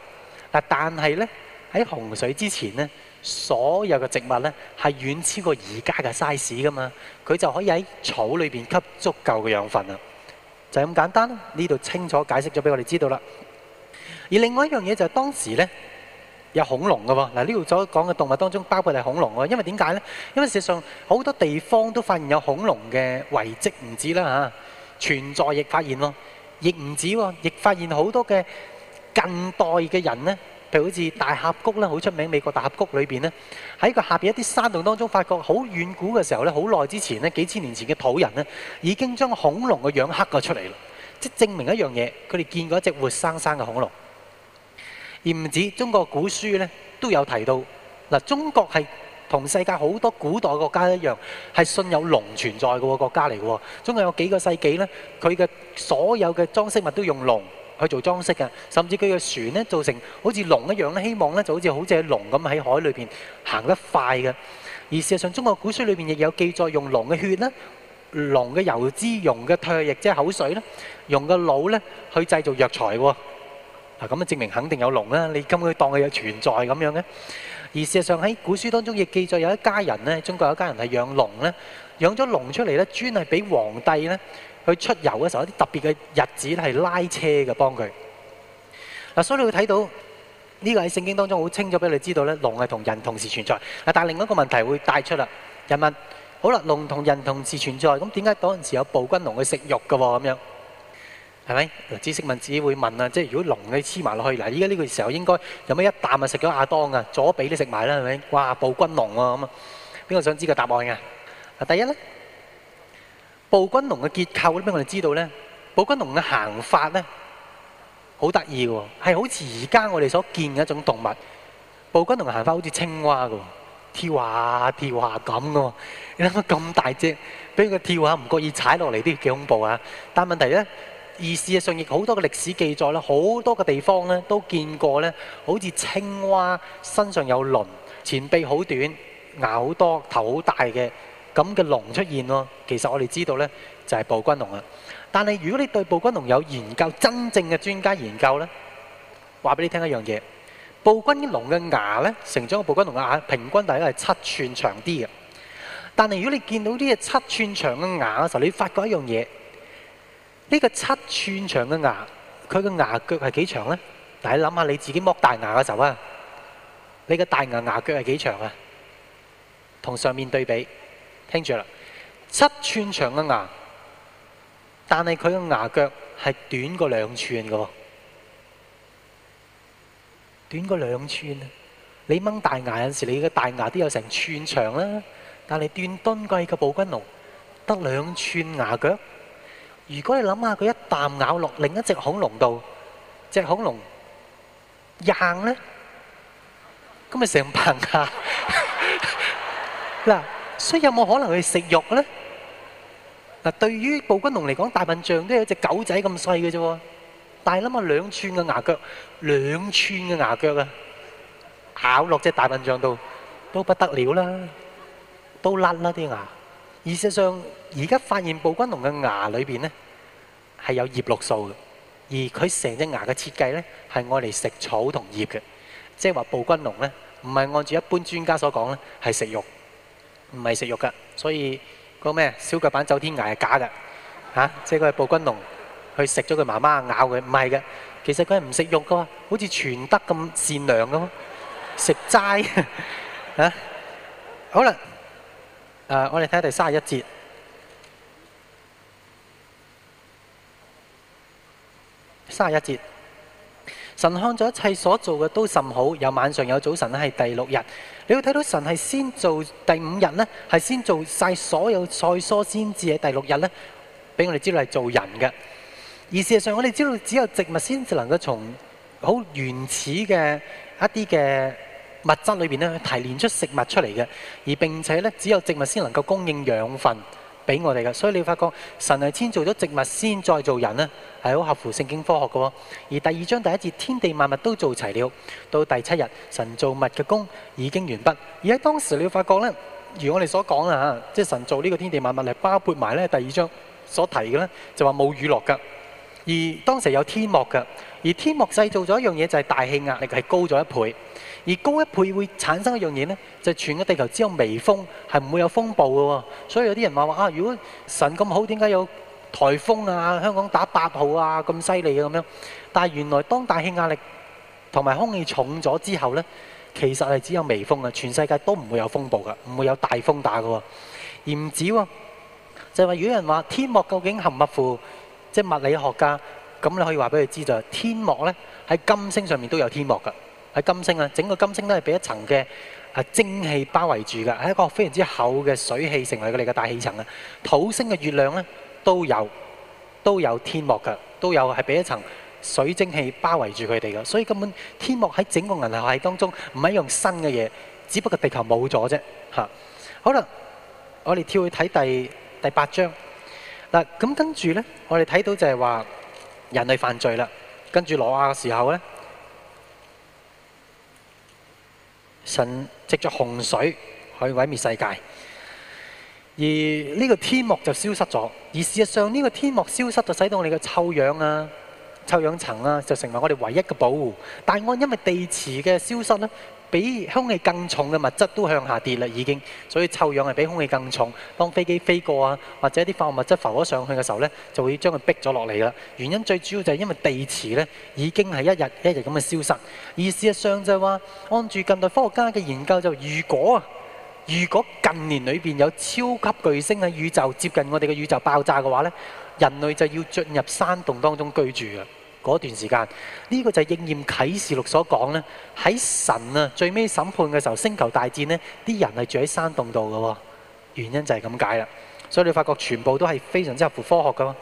嗱，但係咧喺洪水之前咧。所有嘅植物呢，係遠超過而家嘅 size 噶嘛，佢就可以喺草裏邊吸足夠嘅養分啦。就咁簡單，呢度清楚解釋咗俾我哋知道啦。而另外一樣嘢就係當時呢，有恐龍㗎喎，嗱呢度所講嘅動物當中包括係恐龍喎，因為點解呢？因為事實上好多地方都發現有恐龍嘅遺跡，唔止啦吓，存在亦發現咯，亦唔止喎，亦發現好多嘅近代嘅人呢。譬如好似大峽谷啦，好出名。美國大峽谷裏邊呢，喺佢下邊一啲山洞當中發覺，好遠古嘅時候咧，好耐之前咧，幾千年前嘅土人咧，已經將恐龍嘅樣刻咗出嚟咯。即係證明一樣嘢，佢哋見過一隻活生生嘅恐龍。而唔止中國古書咧都有提到，嗱中國係同世界好多古代國家一樣，係信有龍存在嘅國家嚟嘅喎。中國有幾個世紀咧，佢嘅所有嘅裝飾物都用龍。去做裝飾啊，甚至佢嘅船呢，做成好似龍一樣咧，希望呢就好似好似喺龍咁喺海裏邊行得快嘅。而事實上，中國古書裏面亦有記載，用龍嘅血咧、龍嘅油脂、龍嘅唾液即係口水啦，龍嘅腦呢去製造藥材喎。嗱，咁啊證明肯定有龍啦，你根本當佢有存在咁樣嘅。而事實上喺古書當中亦記載有一家人呢，中國有一家人係養龍呢，養咗龍出嚟呢，專係俾皇帝呢。佢出遊嘅時候，一啲特別嘅日子係拉車嘅幫佢。所以你會睇到，呢個喺聖經當中，好清楚俾你知道，龍係同人同時存在。但另一個問題會帶出啦。人問，好啦，龍同人同時存在，咁點解？暴君龍嘅結構，呢俾我哋知道呢，暴君龍嘅行法呢，很的是好得意嘅喎，係好似而家我哋所見嘅一種動物。暴君龍嘅行法好似青蛙嘅跳下、啊、跳下、啊、咁嘅、啊。你諗下咁大隻，俾佢跳下唔覺意踩落嚟都幾恐怖。但問題呢，而事實上亦好多嘅歷史記載啦，好多嘅地方呢都見過呢，好似青蛙身上有鱗，前臂好短，牙好多，頭好大嘅。咁嘅龍出現喎，其實我哋知道呢，就係暴君龍啊。但係如果你對暴君龍有研究，真正嘅專家研究呢，話俾你聽一樣嘢：暴君龍嘅牙呢，成長嘅暴君龍嘅牙平均大概係七寸長啲嘅。但係如果你見到呢個七寸長嘅牙嘅時候，你發覺一樣嘢：呢個七寸長嘅牙，佢嘅牙腳係幾長呢？大家諗下你自己剝大牙嘅時候啊，你個大牙牙腳係幾長啊？同上面對比。聽住啦，七寸長嘅牙，但係佢嘅牙腳係短過兩寸嘅喎，短過兩寸，你掹大牙有時候你嘅大牙都有成寸長啦，但係斷敦貴嘅暴君龍得兩寸牙腳。如果你諗下佢一啖咬落另一隻恐龍度，隻恐龍硬呢？咁咪成棚牙。 所以有冇可能係食肉咧？嗱，對於暴君龍嚟講，大笨象都有一隻狗仔咁細嘅啫喎，大粒嘛兩寸嘅牙腳，兩寸嘅牙腳啊，咬落隻大笨象度都不得了啦，都甩啦啲牙。而事實上，而家發現暴君龍嘅牙裏面咧係有葉綠素嘅，而佢成隻牙嘅設計咧係愛嚟食草同葉嘅，即係話暴君龍咧唔係按照一般專家所講咧係食肉。唔係食肉噶，所以個咩小腳板走天涯係假噶嚇，即係佢係暴君龍，佢食咗佢媽媽咬佢，唔係嘅。其實佢係唔食肉噶，好似全德咁善良噶，食齋嚇、 啊。好啦，誒、啊，我哋睇下第三十一節，三十一節，神看咗一切所做嘅都甚好，有晚上有早晨啦，係第六日。你要睇到神係先做第五日呢，係先做晒所有菜蔬先至喺第六日呢，俾我哋知道係做人嘅。而事實上，我哋知道只有植物先至能夠從好原始嘅一啲嘅物質裏面呢，提煉出食物出嚟嘅。而並且呢，只有植物先能夠供應養分。俾我哋噶，所以你會發覺神係先做咗植物，先再做人咧，係好合乎聖經科學嘅喎、哦。而第二章第一節天地萬物都做齊了，到第七日，神做物嘅工已經完畢。而喺當時，你會發覺呢，如我哋所講啊，即係神做呢個天地萬物係包括埋咧第二章所提嘅呢，就話冇雨落嘅，而當時有天幕嘅，而天幕製造咗一樣嘢就係大氣壓力係高咗一倍。而高一倍會產生一樣嘢呢，就係全個地球只有微風，係唔會有風暴嘅喎。所以有啲人話話啊，如果神咁好，點解有颱風啊、香港打八號啊咁犀利啊，咁樣？但係原來當大氣壓力同埋空氣重咗之後呢，其實係只有微風啊，全世界都唔會有風暴嘅，唔會有大風打嘅。而唔止喎，就係話如果有人話天幕究竟合唔合乎，即係物理學家咁，噉你可以話俾佢知就係天幕呢，喺金星上面都有天幕嘅。喺金星啊，整個金星都係被一層嘅啊蒸氣包圍住嘅，係一個非常之厚嘅水氣成為佢哋嘅大氣層啊。土星嘅月亮咧都有都有天幕嘅，都有係被一層水蒸氣包圍住佢哋嘅，所以根本天幕喺整個銀河系當中唔係一樣新嘅嘢，只不過地球冇咗啫嚇。好啦，我哋跳去睇第第八章嗱，咁跟住咧，我哋睇到就係話人類犯罪啦，跟住攞啊時候咧。神藉着洪水去毀滅世界，而呢個天幕就消失咗。而事實上，呢個天幕消失就使到我哋嘅臭氧啊、臭氧層啊，就成為我哋唯一嘅保護。但係我因為地磁嘅消失呢。比空氣更重嘅物質都向下跌啦已經。所以臭氧係比空氣更重，當飛機飛過啊，或者啲化學物質浮咗上去嘅時候呢，就會將佢逼咗落嚟啦。原因最主要就係因為地磁呢已經係一日一日咁消失。意思上就係話，按住近代科學家嘅研究就是，如果啊，如果近年裏面有超級巨星喺宇宙接近我哋嘅宇宙爆炸嘅話呢，人類就要進入山洞當中居住了。嗰段時間，呢個就係應驗啟示錄所講，呢喺神啊最尾審判嘅時候，星球大戰呢啲人係住喺山洞度嘅喎。原因就係咁解啦。所以你發覺全部都係非常之合乎科學㗎嘛。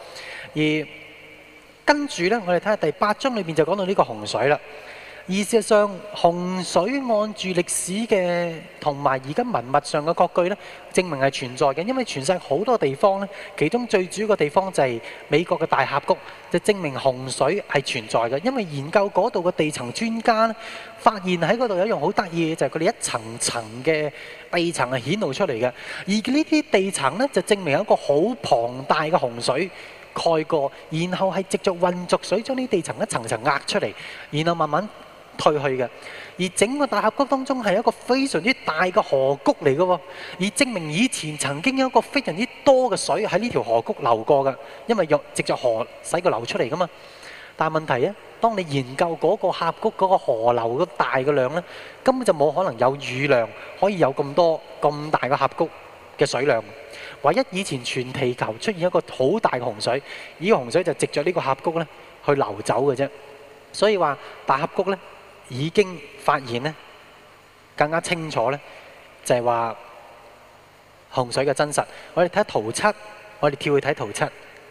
而跟住呢，我哋睇下第八章裏面就講到呢個洪水啦。而事實上，洪水按住歷史嘅同埋而家文物上嘅國據咧，證明係存在嘅。因為全世界好多地方咧，其中最主要嘅地方就係美國嘅大峽谷，就證明洪水係存在嘅。因為研究嗰度嘅地層專家，發現喺嗰度有一樣好得意嘅就係佢哋一層層嘅地層係顯露出嚟嘅。而呢啲地層呢，就證明有一個好龐大嘅洪水蓋過，然後係藉著混濁水將啲地層一層層壓出嚟，然後慢慢退去嘅，而整個大峽谷當中係一個非常之大嘅河谷嚟㗎喎，而證明以前曾經有一個非常之多嘅水喺呢條河谷流過嘅，因為由藉著河使佢流出嚟嘅嘛。但係問題咧，當你研究嗰個峽谷嗰個河流嘅大嘅量咧，根本就冇可能有雨量可以有咁多咁大嘅峽谷嘅水量。唯一以前全地球出現一個好大嘅洪水，依個洪水就藉著呢個峽谷咧去流走嘅啫。所以話大峽谷咧。已經發現呢，更加清楚咧，就係話洪水嘅真實。我哋睇圖七，我哋跳去睇圖七，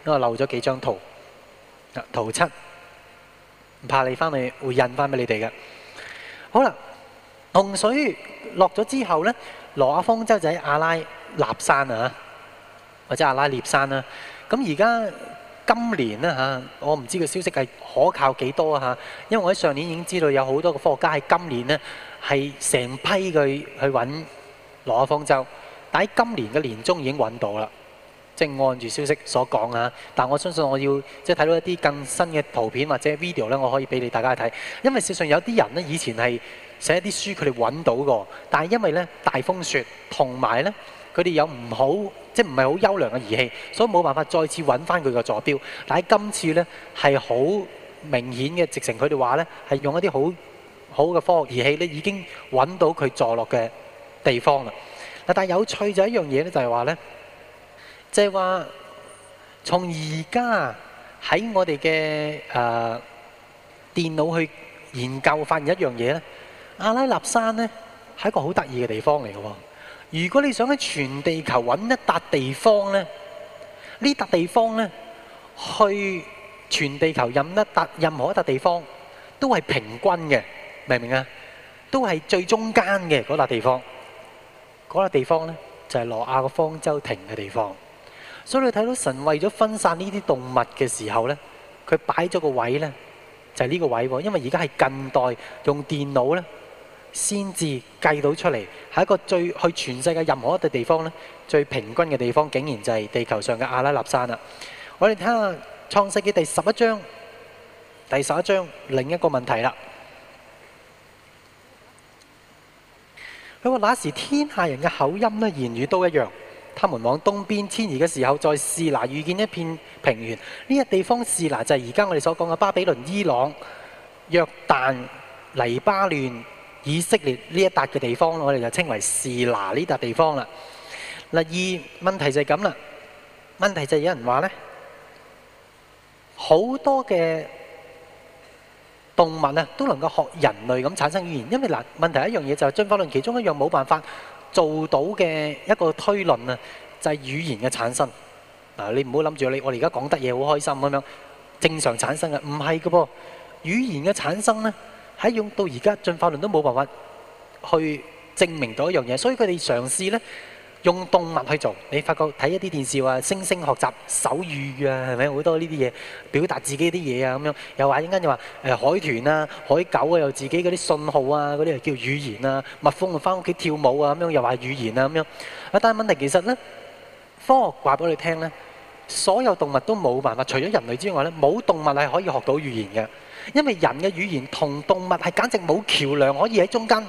因我漏咗幾張圖。圖七，唔怕你翻嚟會印翻俾你哋嘅。好啦，洪水落咗之後咧，羅亞方舟仔，阿拉納山啊，或者阿拉涅山啦，咁而家。今年呢，我唔知個消息係可靠幾多啊嚇，因為我喺上年已經知道有好多嘅科學家喺今年呢係成批佢去揾羅亞方舟，但喺今年嘅年終已經揾到啦，即按住消息所講啊，但我相信我要即睇、就是、到一啲更新嘅圖片或者 video 呢，我可以俾你大家睇，因為事實上有啲人呢以前係寫一啲書，佢哋揾到過，但係因為呢大風雪同埋呢佢哋有唔好。即係唔係好優良嘅儀器，所以冇辦法再次揾翻佢個坐標。但係今次呢，係好明顯嘅，直情，佢哋話呢係用一啲好好嘅科學儀器呢已經揾到佢坐落嘅地方啦。嗱，但係有趣就係一樣嘢呢，就係話呢，即係話從而家喺我哋嘅誒電腦去研究發現一樣嘢呢，阿拉納山呢係一個好得意嘅地方嚟嘅喎。如果你想喺全地球揾一笪地方咧，呢笪地方咧，去全地球任一笪任何一笪地方，都係平均嘅，明唔明啊？都係最中間嘅嗰笪地方，嗰笪地方咧就係諾亞個方舟停嘅地方。所以你睇到神為咗分散呢啲動物嘅時候咧，佢擺咗個位咧就係呢個位，因為而家係近代用電腦咧。先至計到出嚟，係一個最去全世界任何一個地方咧，最平均嘅地方，竟然就係地球上嘅阿拉納山啦。我哋睇下創世記第十一章，第十一章另一個問題啦。佢話：那時天下人嘅口音咧，言語都一樣。他們往東邊遷移嘅時候，在士拿遇見一片平原，呢個地方士拿就係而家我哋所講嘅巴比倫、伊朗、約旦、黎巴嫩。以色列呢一笪嘅地方，我哋就稱為示拿呢笪地方啦。嗱，二問題就係咁啦。問題就係有人話咧，好多嘅動物啊，都能夠學人類咁產生語言。因為嗱，問題一樣嘢就係進化論其中一樣冇辦法做到嘅一個推論啊，就係語言嘅產生。嗱，你唔好諗住你，我哋而家講得嘢好開心咁樣，正常產生啊，唔係㗎噃，語言嘅產生咧。喺用到而家進化論都冇辦法去證明到一樣嘢，所以佢哋嘗試呢用動物去做，你發覺睇一啲電視話猩猩學習手語啊，係咪好多呢啲嘢表達自己啲嘢啊咁樣？又話陣間又話海豚啊、海狗啊有自己嗰啲信號啊，嗰啲叫語言啊？蜜蜂啊翻屋企跳舞啊咁樣，又話語言啊咁樣？但係問題其實呢，科學話俾你哋聽咧，所有動物都冇辦法，除咗人類之外呢，冇動物係可以學到語言嘅。因為人嘅語言同動物係簡直冇橋梁可以喺中間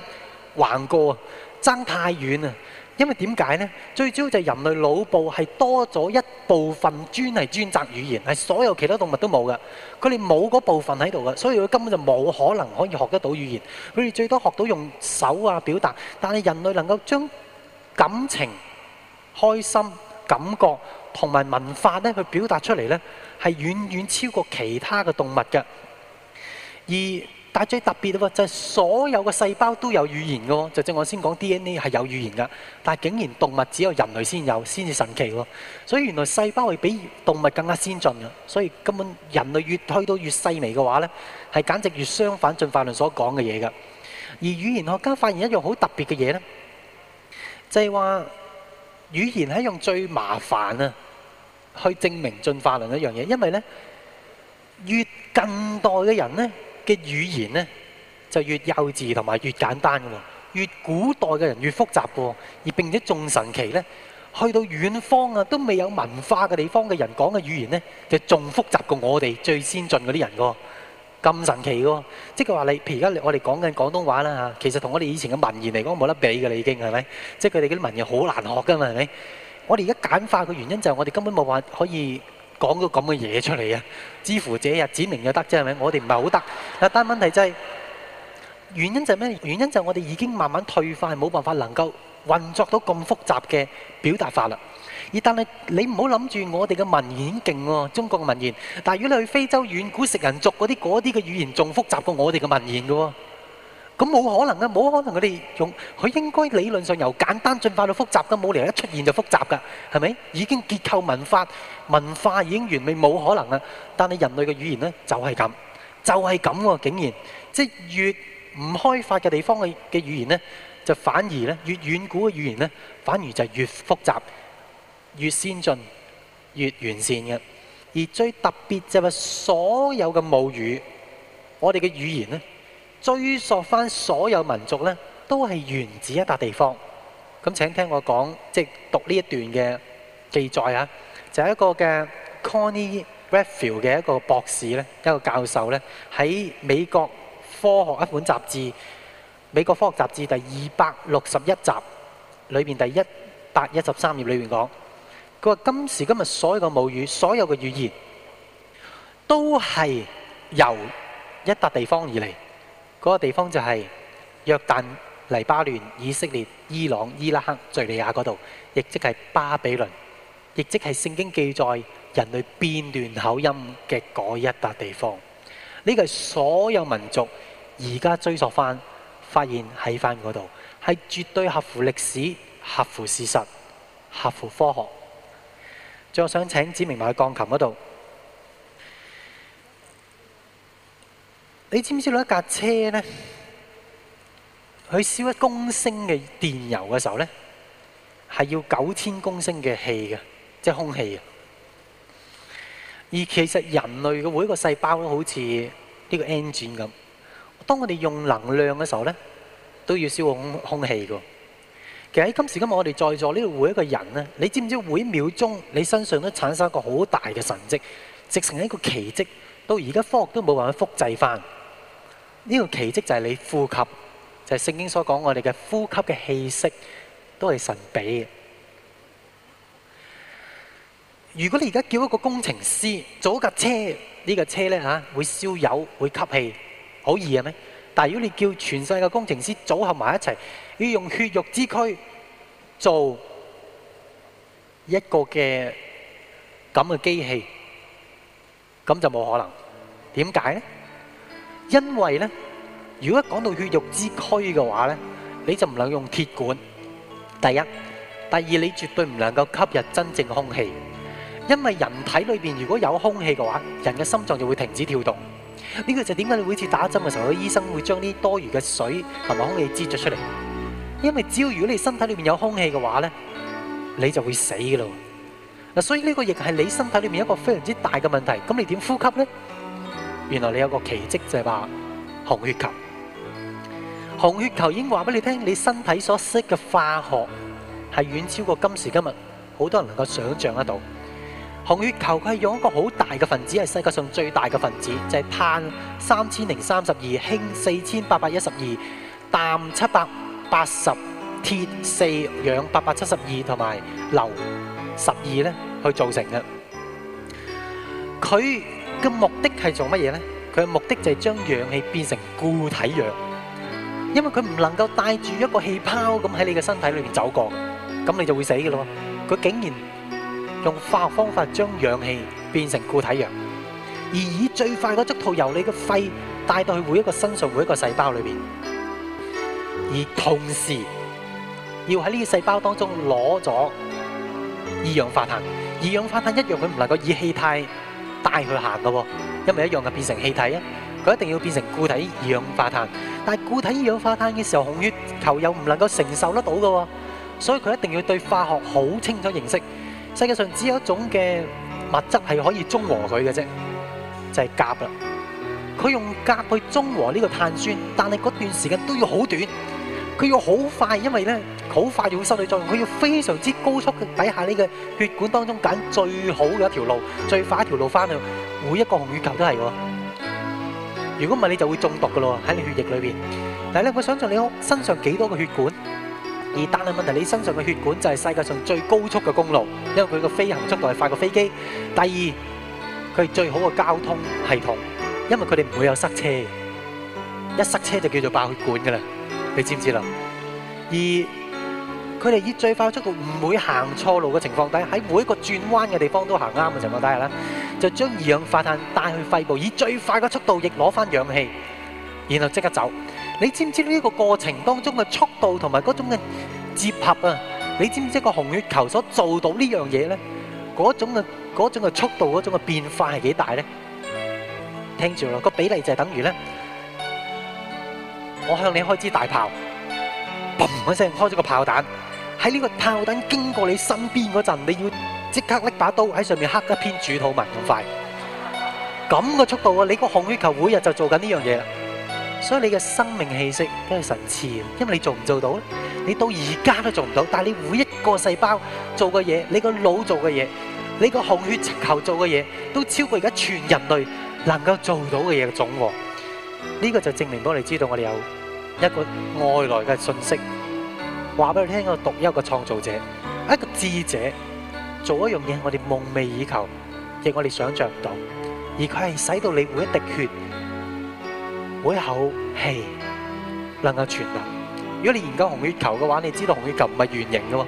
橫過啊，爭太遠啊！因為點解呢？最主要就係人類腦部係多咗一部分專係專責語言，係所有其他動物都冇嘅。佢哋冇嗰部分喺度嘅，所以佢根本就冇可能可以學得到語言。佢哋最多學到用手啊表達，但係人類能夠將感情、開心、感覺同埋文化咧去表達出嚟呢，係遠遠超過其他嘅動物嘅。而但係最特別喎，就係所有嘅細胞都有語言嘅喎，就正如我先講 DNA 係有語言噶，但係竟然動物只有人類先有，先至神奇喎。所以原來細胞係比動物更加先進嘅，所以根本人類越去到越細微嘅話咧，係簡直越相反進化論所講嘅嘢㗎。而語言學家發現一樣好特別嘅嘢咧，就係、是、話語言係用最麻煩啊，去證明進化論的一樣嘢，因為咧越近代嘅人咧。嘅語言呢就越幼稚同埋越簡單㗎喎，越古代嘅人越複雜㗎喎，而並且仲神奇呢，去到遠方啊都未有文化嘅地方嘅人講嘅語言呢，就仲複雜過我哋最先進嗰啲人㗎，咁神奇㗎喎，即係佢話你，譬如而家我哋講緊廣東話啦嚇，其實同我哋以前嘅文言嚟講冇得比㗎啦，已經係咪？即係佢哋嗰啲文言好難學㗎嘛係咪？我哋而家簡化嘅原因就係我哋根本冇話可以。講到咁嘅嘢出嚟啊！之乎者也子明又得啫，係咪？我哋唔係好得，但問題就係原因就係咩？原因就係我哋已經慢慢退化，冇辦法能夠運作到咁複雜嘅表達法啦。而但係你唔好諗住我哋嘅文言勁喎，中國嘅文言。但係如果你去非洲遠古食人族嗰啲嗰啲嘅語言，仲複雜過我哋嘅文言嘅喎。咁冇可能啊，冇可能佢哋用佢應該理論上由簡單進化到複雜嘅，冇理由一出現就複雜噶，係咪？已經結構文化文化已經完美，冇可能喇！但係人類嘅語言咧就係咁，就係咁喎，竟然即係越唔開發嘅地方嘅嘅語言咧，就反而咧越遠古嘅語言咧，反而就係越複雜、越先進、越完善嘅。而最特別就係所有嘅母語，我哋嘅語言咧。追溯翻所有民族呢，都係源自一笪地方。咁請聽我講，即係讀呢一段嘅記載啊，就係一個嘅 Connie Reffell 嘅一個博士呢，一個教授呢，喺美國科學一本雜誌《美國科學雜誌》第二百六十一集裏面、第一百一十三頁裏面講，佢話今時今日所有嘅母語，所有嘅語言，都係由一笪地方而嚟。嗰、那個地方就係約旦、黎巴嫩、以色列、伊朗、伊拉克、敍利亞嗰度，亦即係巴比倫，亦即係聖經記載人類變亂口音嘅嗰一笪地方。呢個係所有民族而家追溯翻，發現喺翻嗰度，係絕對合乎歷史、合乎事實、合乎科學。仲有想請指明埋喺鋼琴嗰度。你知唔知道一架車咧，佢燒一公升嘅電油嘅時候咧，係要九千公升嘅氣嘅，即係空氣嘅。而其實人類嘅每一個細胞都好似呢個 engine 咁。當我哋用能量嘅時候咧，都要燒空空氣嘅。其實喺今時今日，我哋在座呢個每一個人咧，你知唔知每秒鐘你身上都產生一個好大嘅神跡，直情一個奇蹟，到而家科學都冇辦法複製返。呢個奇蹟就係你呼吸，就係聖經所講我哋嘅呼吸嘅氣息都係神俾嘅。如果你而家叫一個工程師做一架車，呢架車呢，會燒油會吸氣，好易嘅咩？但係如果你叫全世界工程師組合埋一齊，要用血肉之軀做一個嘅咁嘅機器，咁就冇可能。點解呢？因為咧，如果講到血肉之軀嘅話咧，你就唔能用鐵管。第一，第二，你絕對唔能夠吸入真正嘅空氣。因為人體裏邊如果有空氣嘅話，人嘅心臟就會停止跳動。呢個就係點解你每次打針嘅時候，醫生會將啲多餘嘅水同埋空氣擠咗出嚟。因為只要如果你身體裏面有空氣嘅話咧，你就會死嘅咯。嗱，所以呢個亦係你身體裏面一個非常之大嘅問題。咁你點呼吸咧？原來你有個奇蹟就係話紅血球，紅血球已經話俾你聽，你身體所識嘅化學係遠超過今時今日好多人能夠想像得到。紅血球佢係用一個好大嘅分子，係世界上最大嘅分子，就係碳三千零三十二、氫四千八百一十二、氮七百八十、鐵四氧八百七十二同埋硫十二咧去造成嘅。佢個目的係做乜嘢咧？佢嘅目的就係將氧氣變成固體氧，因為佢唔能夠帶住一個氣泡咁喺你嘅身體裏面走過，咁你就會死嘅咯。佢竟然用化學方法將氧氣變成固體氧，而以最快嘅速度由你嘅肺帶到去每一個身上每一個細胞裏邊，而同時要喺呢個細胞當中攞咗二氧化碳，二氧化碳一樣，佢唔能夠以氣態。帶佢行嘅，因為一樣就變成氣體啊！佢一定要變成固體二氧化碳，但係固體二氧化碳嘅時候，紅血球又唔能夠承受得到嘅，所以佢一定要對化學好清楚認識。世界上只有一種嘅物質係可以中和佢嘅啫，就係鉀啦。佢用鉀去中和呢個碳酸，但係嗰段時間都要好短，佢要好快，因為呢。好快就會失去作用，佢要非常之高速嘅底下，呢個血管當中揀最好嘅一條路、最快的一條路翻去。每一個紅血球都係喎，如果唔係你就會中毒㗎咯喺你血液裏邊。但係你會想象你身上幾多個血管？而單係問題，你身上嘅血管就係世界上最高速嘅公路，因為佢嘅飛行速度係快過飛機。第二，佢係最好嘅交通系統，因為佢哋唔會有塞車。一塞車就叫做爆血管㗎啦，你知唔知啦？二佢哋以最快嘅速度唔會行錯路嘅情況底下，喺每一個轉彎嘅地方都行啱嘅情況底下咧，就將二氧化碳帶去肺部，以最快嘅速度亦攞翻氧氣，然後即刻走。你知唔知呢一個過程當中嘅速度同埋嗰種嘅接合啊？你知唔知個紅血球所做到呢樣嘢咧？嗰種嘅嗰種嘅速度，嗰種嘅變化係幾大咧？聽住咯，個比例就係等於咧，我向你開支大炮，嘣，嗰聲開咗個炮彈。喺呢個炮彈經過你身邊嗰陣，你要即刻拎把刀喺上面刻一篇主禱文咁快，咁嘅速度啊！你個紅血球每日就做緊呢樣嘢啦，所以你嘅生命氣息都係神賜嘅，因為你做唔做到咧？你到而家都做唔到，但係你每一個細胞做嘅嘢，你個腦做嘅嘢，你個紅血球做嘅嘢，都超過而家全人類能夠做到嘅嘢嘅總和。呢個就證明到你知道我哋有一個外來嘅信息。話俾佢聽，一個獨一嘅創造者，一個智者，做一樣嘢，我哋夢寐以求，亦我哋想象唔到，而佢係使到你每一滴血，每一口氣能夠傳達。如果你研究紅血球嘅話，你知道紅血球唔係圓形嘅，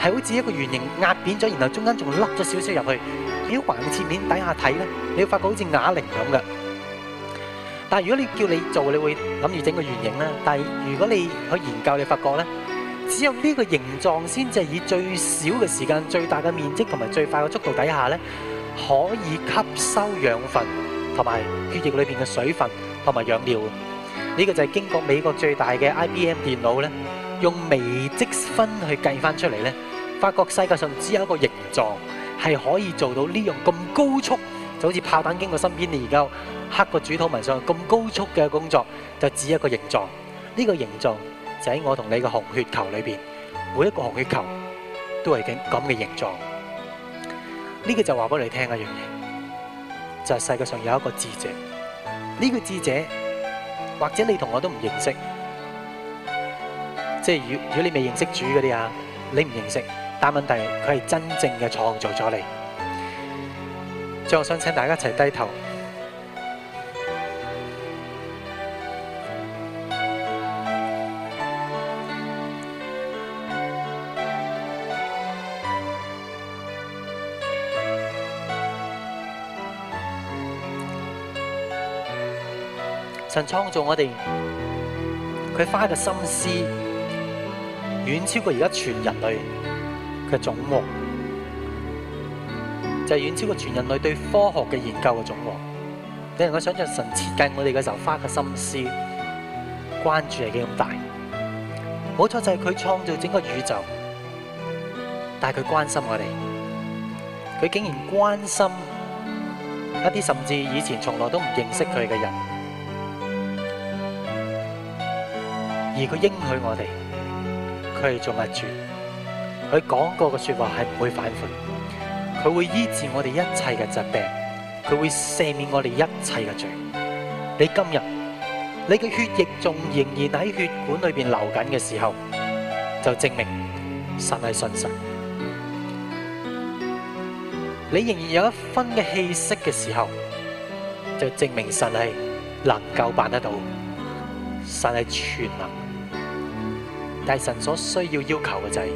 係好似一個圓形壓扁咗，然後中間仲凹咗少少入去。如果橫嘅切面底下睇咧，你會發覺好似啞鈴咁嘅。但係如果你叫你做，你會諗住整個圓形咧。但係如果你去研究，你發覺咧。只有呢個形狀先至係以最少嘅時間、最大嘅面積同埋最快嘅速度底下咧，可以吸收養分同埋血液裏邊嘅水分同埋養料。呢個就係經過美國最大嘅 IBM 電腦咧，用微積分去計翻出嚟咧，發覺世界上只有一個形狀係可以做到呢樣咁高速，就好似炮彈經過身邊你而家刻個主體紋上咁高速嘅工作，就只有一個形狀。呢個形狀。就喺我同你嘅紅血球裏邊，每一個紅血球都係咁咁嘅形狀。呢個就話俾你聽一樣嘢，就係世界上有一個智者。呢個智者，或者你同我都唔認識，即係如，如果你未認識主嗰啲啊，你唔認識。但問題佢係真正嘅創造咗你。最後想請大家一齊低頭。神創造我哋，佢花嘅心思遠超過而家全人類嘅總和，就係、是、遠超過全人類對科學嘅研究嘅總和。你能夠想象神設計我哋嘅時候花嘅心思、關注係幾咁大？冇錯，就係佢創造整個宇宙，但係佢關心我哋。佢竟然關心一啲甚至以前從來都唔認識佢嘅人。而佢應許我哋，佢係造物主，佢講過嘅說話係唔會反悔，佢會醫治我哋一切嘅疾病，佢會赦免我哋一切嘅罪。你今日你嘅血液仲仍然喺血管裏邊流緊嘅時候，就證明神係信實。你仍然有一分嘅氣息嘅時候，就證明神係能夠辦得到，神係全能。大神所需要要求嘅就係，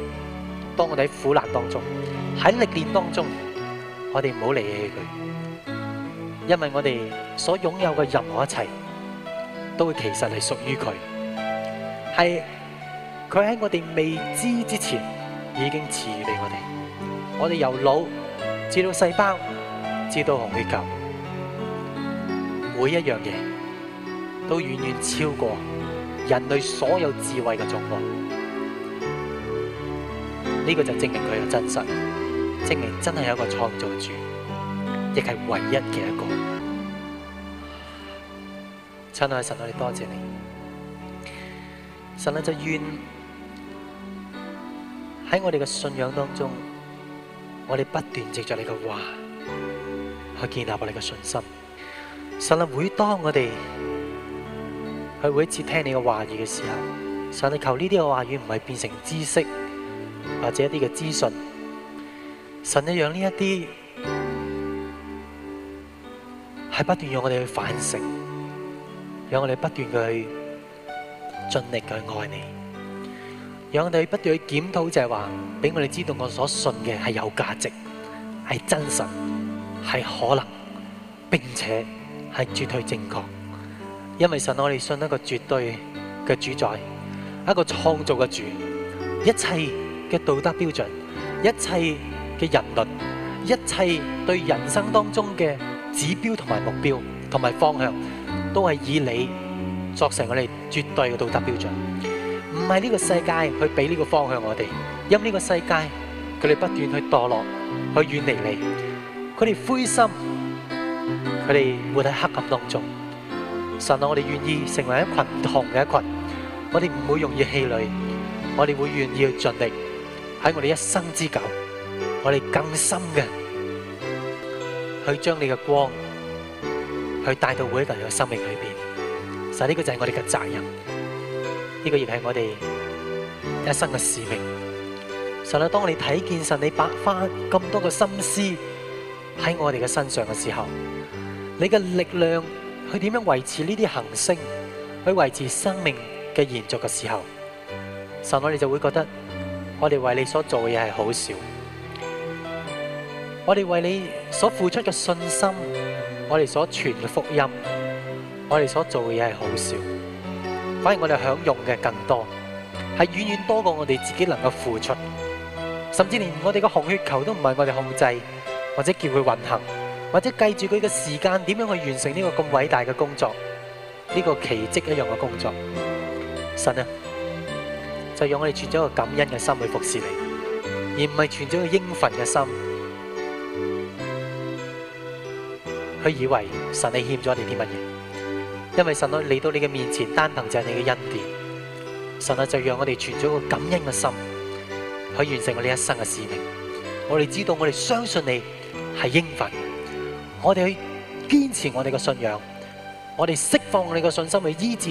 當我哋喺苦難當中，喺歷練當中，我哋唔好離棄佢，因為我哋所擁有嘅任何一切，都其實係屬於佢，係佢喺我哋未知之前已經賜俾我哋。我哋由腦至到細胞，至到紅血球，每一樣嘢都遠遠超過人類所有智慧嘅狀況。這個就證明他的真實，證明真的有一個創造主，亦是唯一的一個。親愛的神，我哋多謝，謝你。神就，我哋願在我們的信仰當中，我們不斷藉着你的話去建立我哋嘅信心。神啊，會當我們去每一次聽你的話語的時候，神啊，求這些話語唔係變成知識。或者一啲嘅資訊，神一樣呢一啲係不斷讓我哋去反省，讓我哋不斷去盡力去愛你，讓我哋不斷去檢討就係話，俾我哋知道我所信嘅係有價值，係真實，係可能，並且係絕對正確。因為神，我哋信一個絕對嘅主宰，一個創造嘅主，一切嘅道德標準，一切嘅人倫，一切對人生當中嘅指標同埋目標同埋方向，都係以你作成我哋絕對嘅道德標準。唔係呢個世界去俾呢個方向我哋，因呢個世界佢哋不斷去墮落，去遠離你，佢哋灰心，佢哋活喺黑暗當中。神啊，我哋願意成為一羣唔同嘅一羣，我哋唔會容易氣餒，我哋會願意去盡力。喺我哋一生之久，我哋更深嘅去將你嘅光去帶到每一個人嘅生命裏邊。實呢個就係我哋嘅責任，呢個亦係我哋一生嘅使命。實際當你睇見神你白花咁多嘅心思喺我哋嘅身上嘅時候，你嘅力量去點樣維持呢啲行星，去維持生命嘅延續嘅時候，神我哋就會覺得。我哋為你所做嘅嘢係好少，我哋為你所付出嘅信心，我哋所傳嘅福音，我哋所做嘅嘢係好少，反而我哋享用嘅更多，係遠遠多過我哋自己能夠付出，甚至連我哋個紅血球都唔係我哋控制，或者叫佢運行，或者計住佢嘅時間點樣去完成呢個咁偉大嘅工作，呢個奇蹟一樣嘅工作，神啊！就讓我哋存咗個感恩嘅心去服侍你，而唔係存咗個應份嘅心，佢以為神你欠咗我哋啲乜嘢。因為神啊，嚟到你嘅面前，單憑就係你嘅恩典。神啊，就讓我哋存咗個感恩嘅心去完成我哋一生嘅使命。我哋知道，我哋相信你係應份。我哋去堅持我哋嘅信仰，我哋釋放我哋嘅信心去醫治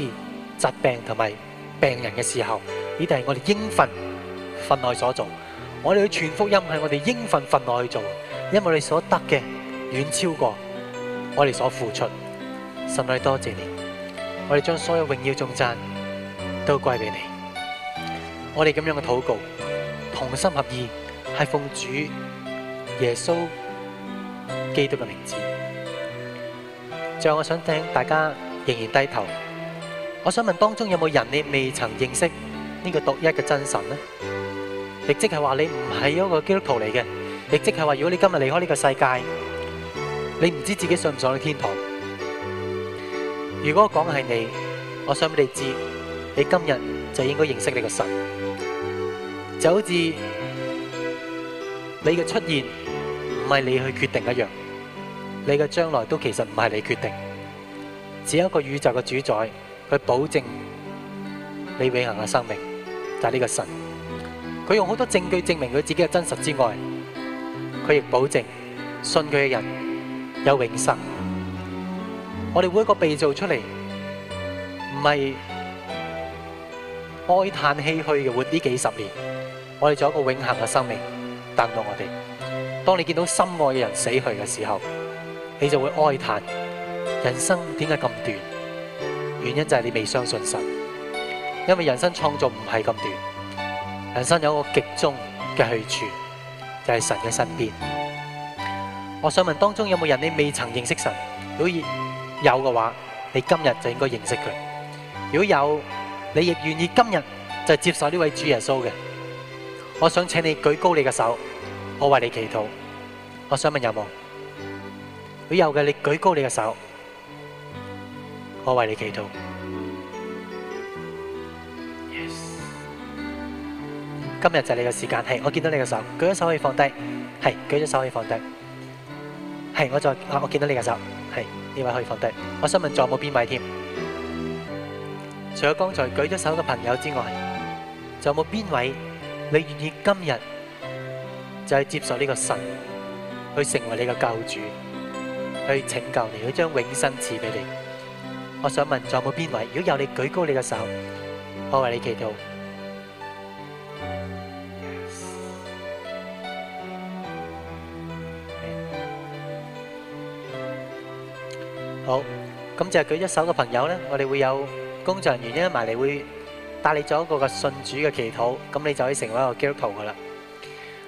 疾病同埋病人嘅時候。你哋係我哋應份份內所做，我哋要傳福音係我哋應份份內去做，因為我哋所得嘅遠超過我哋所付出。神愛你，多謝你，我哋將所有榮耀頌讚都歸俾你，我哋咁樣嘅禱告同心合意係奉主耶穌基督嘅名字。最後我想請大家仍然低頭，我想問當中有冇人你未曾認識？呢、呢個獨一嘅真神咧，亦即係話你唔係一個基督徒嚟嘅，亦即係話如果你今日離開呢個世界，你唔知自己上唔上到天堂。如果我講嘅係你，我想俾你知，你今日就應該認識你個神，就好似你嘅出現唔係你去決定一樣，你嘅將來都其實唔係你決定，只有一個宇宙嘅主宰去保證你永恆嘅生命。就係、是、呢個神，佢用好多證據證明佢自己嘅真實之外，佢亦保證信佢嘅人有永生。我哋會一個被做出嚟，唔係哀嘆唏噓嘅活呢幾十年，我哋仲有一個永恆嘅生命，等到我哋。當你見到心愛嘅人死去嘅時候，你就會哀嘆人生點解咁短？原因就係你未相信神。因為人生創造唔係咁短，人生有一個極終嘅去處就係神嘅身邊。我想問當中有冇有人你未曾認識神？如果有嘅話，你今日就應該認識佢。如果有，你亦願意今日就接受呢位主耶穌嘅？我想請你舉高你嘅手，我為你祈禱。我想問有冇有？如果有嘅，你舉高你嘅手，我為你祈禱。今日就係你嘅時間，係我見到你嘅手，舉咗手可以放低，係舉咗手可以放低，係我再，我見到你嘅手，係呢位可以放低，我想問仲有冇邊位添？除咗剛才舉咗手嘅朋友之外，仲有冇邊位你願意今日就係接受呢個神去成為你嘅救主，去拯救你，去將永生賜俾你？我想問仲有冇邊位？如果有，你舉高你嘅手，我為你祈禱。好咁就係舉一手嘅朋友呢，我哋會有工作人員跟埋嚟，會帶你做一個嘅信主嘅祈禱，咁你就可以成為一個基督徒噶啦。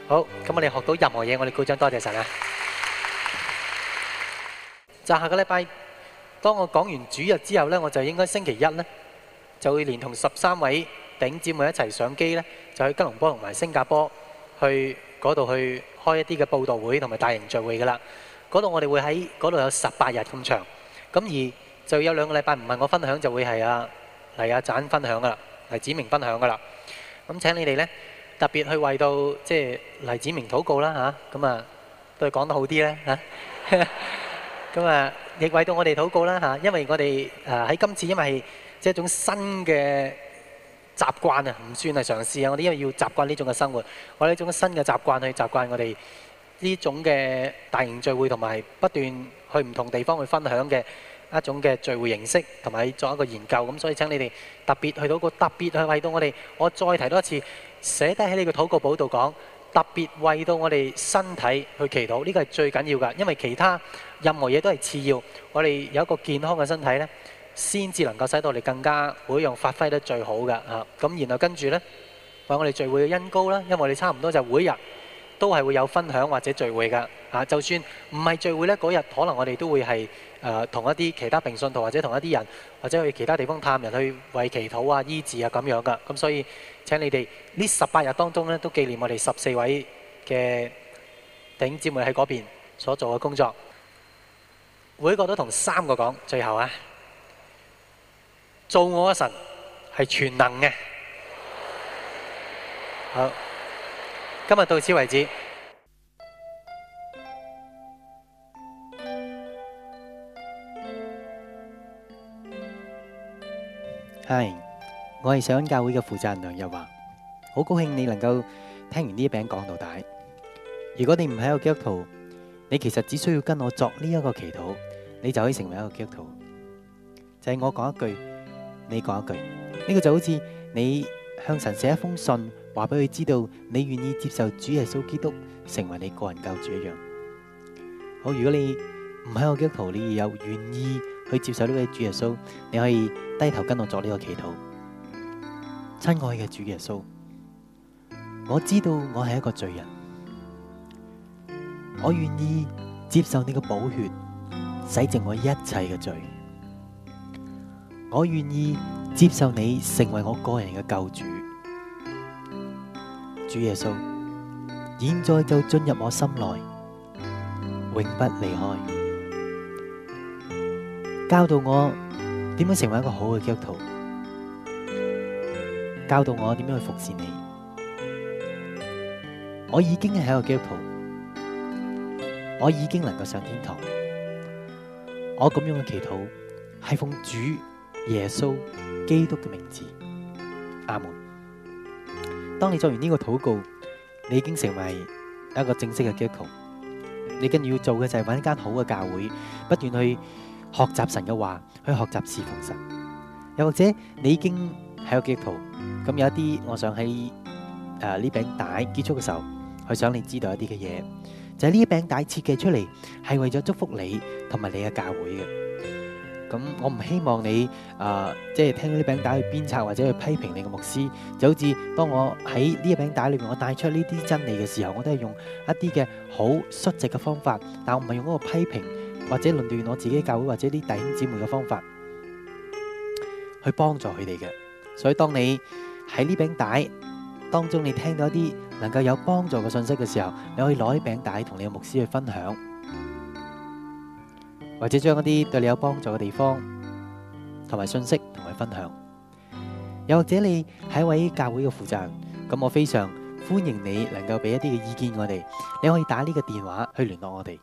好，咁我哋學到任何嘢，我哋鼓掌，多謝晒！就下個禮拜，當我講完主日之後呢，我就應該星期一呢，就會連同十三位頂尖嘅一齊上機呢，就去吉隆坡同埋新加坡去嗰度去開一啲嘅報道會同埋大型聚會噶啦。嗰度我哋會喺嗰度有十八日咁長。咁而就有兩個禮拜唔係我分享，就會係阿黎阿展分享噶啦，黎子明分享噶啦。咁請你哋咧特別去為到即係黎子明禱告啦嚇，咁啊都係講得好啲咧嚇。咁啊亦為到我哋禱告啦嚇，因為我哋誒喺今次因為即係一種新嘅習慣啊，唔算係嘗試啊，我哋因為要習慣呢種嘅生活，我哋呢種新嘅習慣去習慣我哋呢種嘅大型聚會同埋不斷。去唔同地方去分享嘅一種嘅聚會形式，同埋作一個研究咁，所以請你哋特別去到個特別去為到我哋，我再提多一次，寫低喺你個禱告簿度講，特別為到我哋身體去祈禱呢個係最緊要噶，因為其他任何嘢都係次要。我哋有一個健康嘅身體咧，先至能夠使到你更加每樣發揮得最好嘅吓，咁然後跟住咧，為我哋聚會嘅恩膏啦，因為我哋差唔多就每日。都係會有分享或者聚會噶嚇，就算唔係聚會咧，嗰日可能我哋都會係誒同一啲其他平信徒或者同一啲人，或者去其他地方探人去為祈禱啊、醫治啊咁樣噶。咁所以請你哋呢十八日當中咧，都紀念我哋十四位嘅弟兄姊妹喺嗰邊所做嘅工作。每一個都同三個講最後啊，造我嘅神係全能嘅。好。今日到此為止。係，我係社恩教會嘅負責人梁日華。好高興你能夠聽完呢一餅講到底。如果你唔係一個基督徒，你其實只需要跟我作呢一個祈禱，你就可以成為一個基督徒。就係我講一句，你講一句，呢個就好似你。向神寫一封信，話俾佢知道你願意接受主耶穌基督成為你個人救主一樣。好，如果你唔係我基督徒，你又願意去接受呢位主耶穌，你可以低頭跟我作呢個祈禱。親愛嘅主耶穌，我知道我係一個罪人，我願意接受你嘅寶血洗淨我一切嘅罪，我願意。接受你成為我個人嘅救主，主耶穌，現在就進入我心內，永不離開，教導我點樣成為一個好嘅基督徒，教導我點樣去服侍你。我已經係一個基督徒，我已經能夠上天堂，我咁樣嘅祈禱係奉主。耶穌基督嘅名字，阿門。當你做完呢個禱告，你已經成為一個正式嘅基督徒。你跟住要做嘅就係揾一間好嘅教會，不斷去學習神嘅話，去學習侍奉神。又或者你已經係個基督徒，咁有一啲，我想喺誒呢餅帶結束嘅時候，去想你知道一啲嘅嘢，就係呢餅帶設計出嚟係為咗祝福你同埋你嘅教會嘅。咁我唔希望你啊，呃，即係聽到啲餅帶去鞭策或者去批評你嘅牧師，就好似當我喺呢一餅帶裏面我帶出呢啲真理嘅時候，我都係用一啲嘅好率直嘅方法，但我唔係用嗰個批評或者論斷我自己教會或者啲弟兄姊妹嘅方法去幫助佢哋嘅。所以當你喺呢餅帶當中，你聽到一啲能夠有幫助嘅信息嘅時候，你可以攞起餅帶同你嘅牧師去分享。或者將一啲對你有幫助嘅地方同埋信息同佢分享，又或者你係一位教會嘅負責人，咁我非常歡迎你能夠俾一啲嘅意見我哋，你可以打呢個電話去聯絡我哋。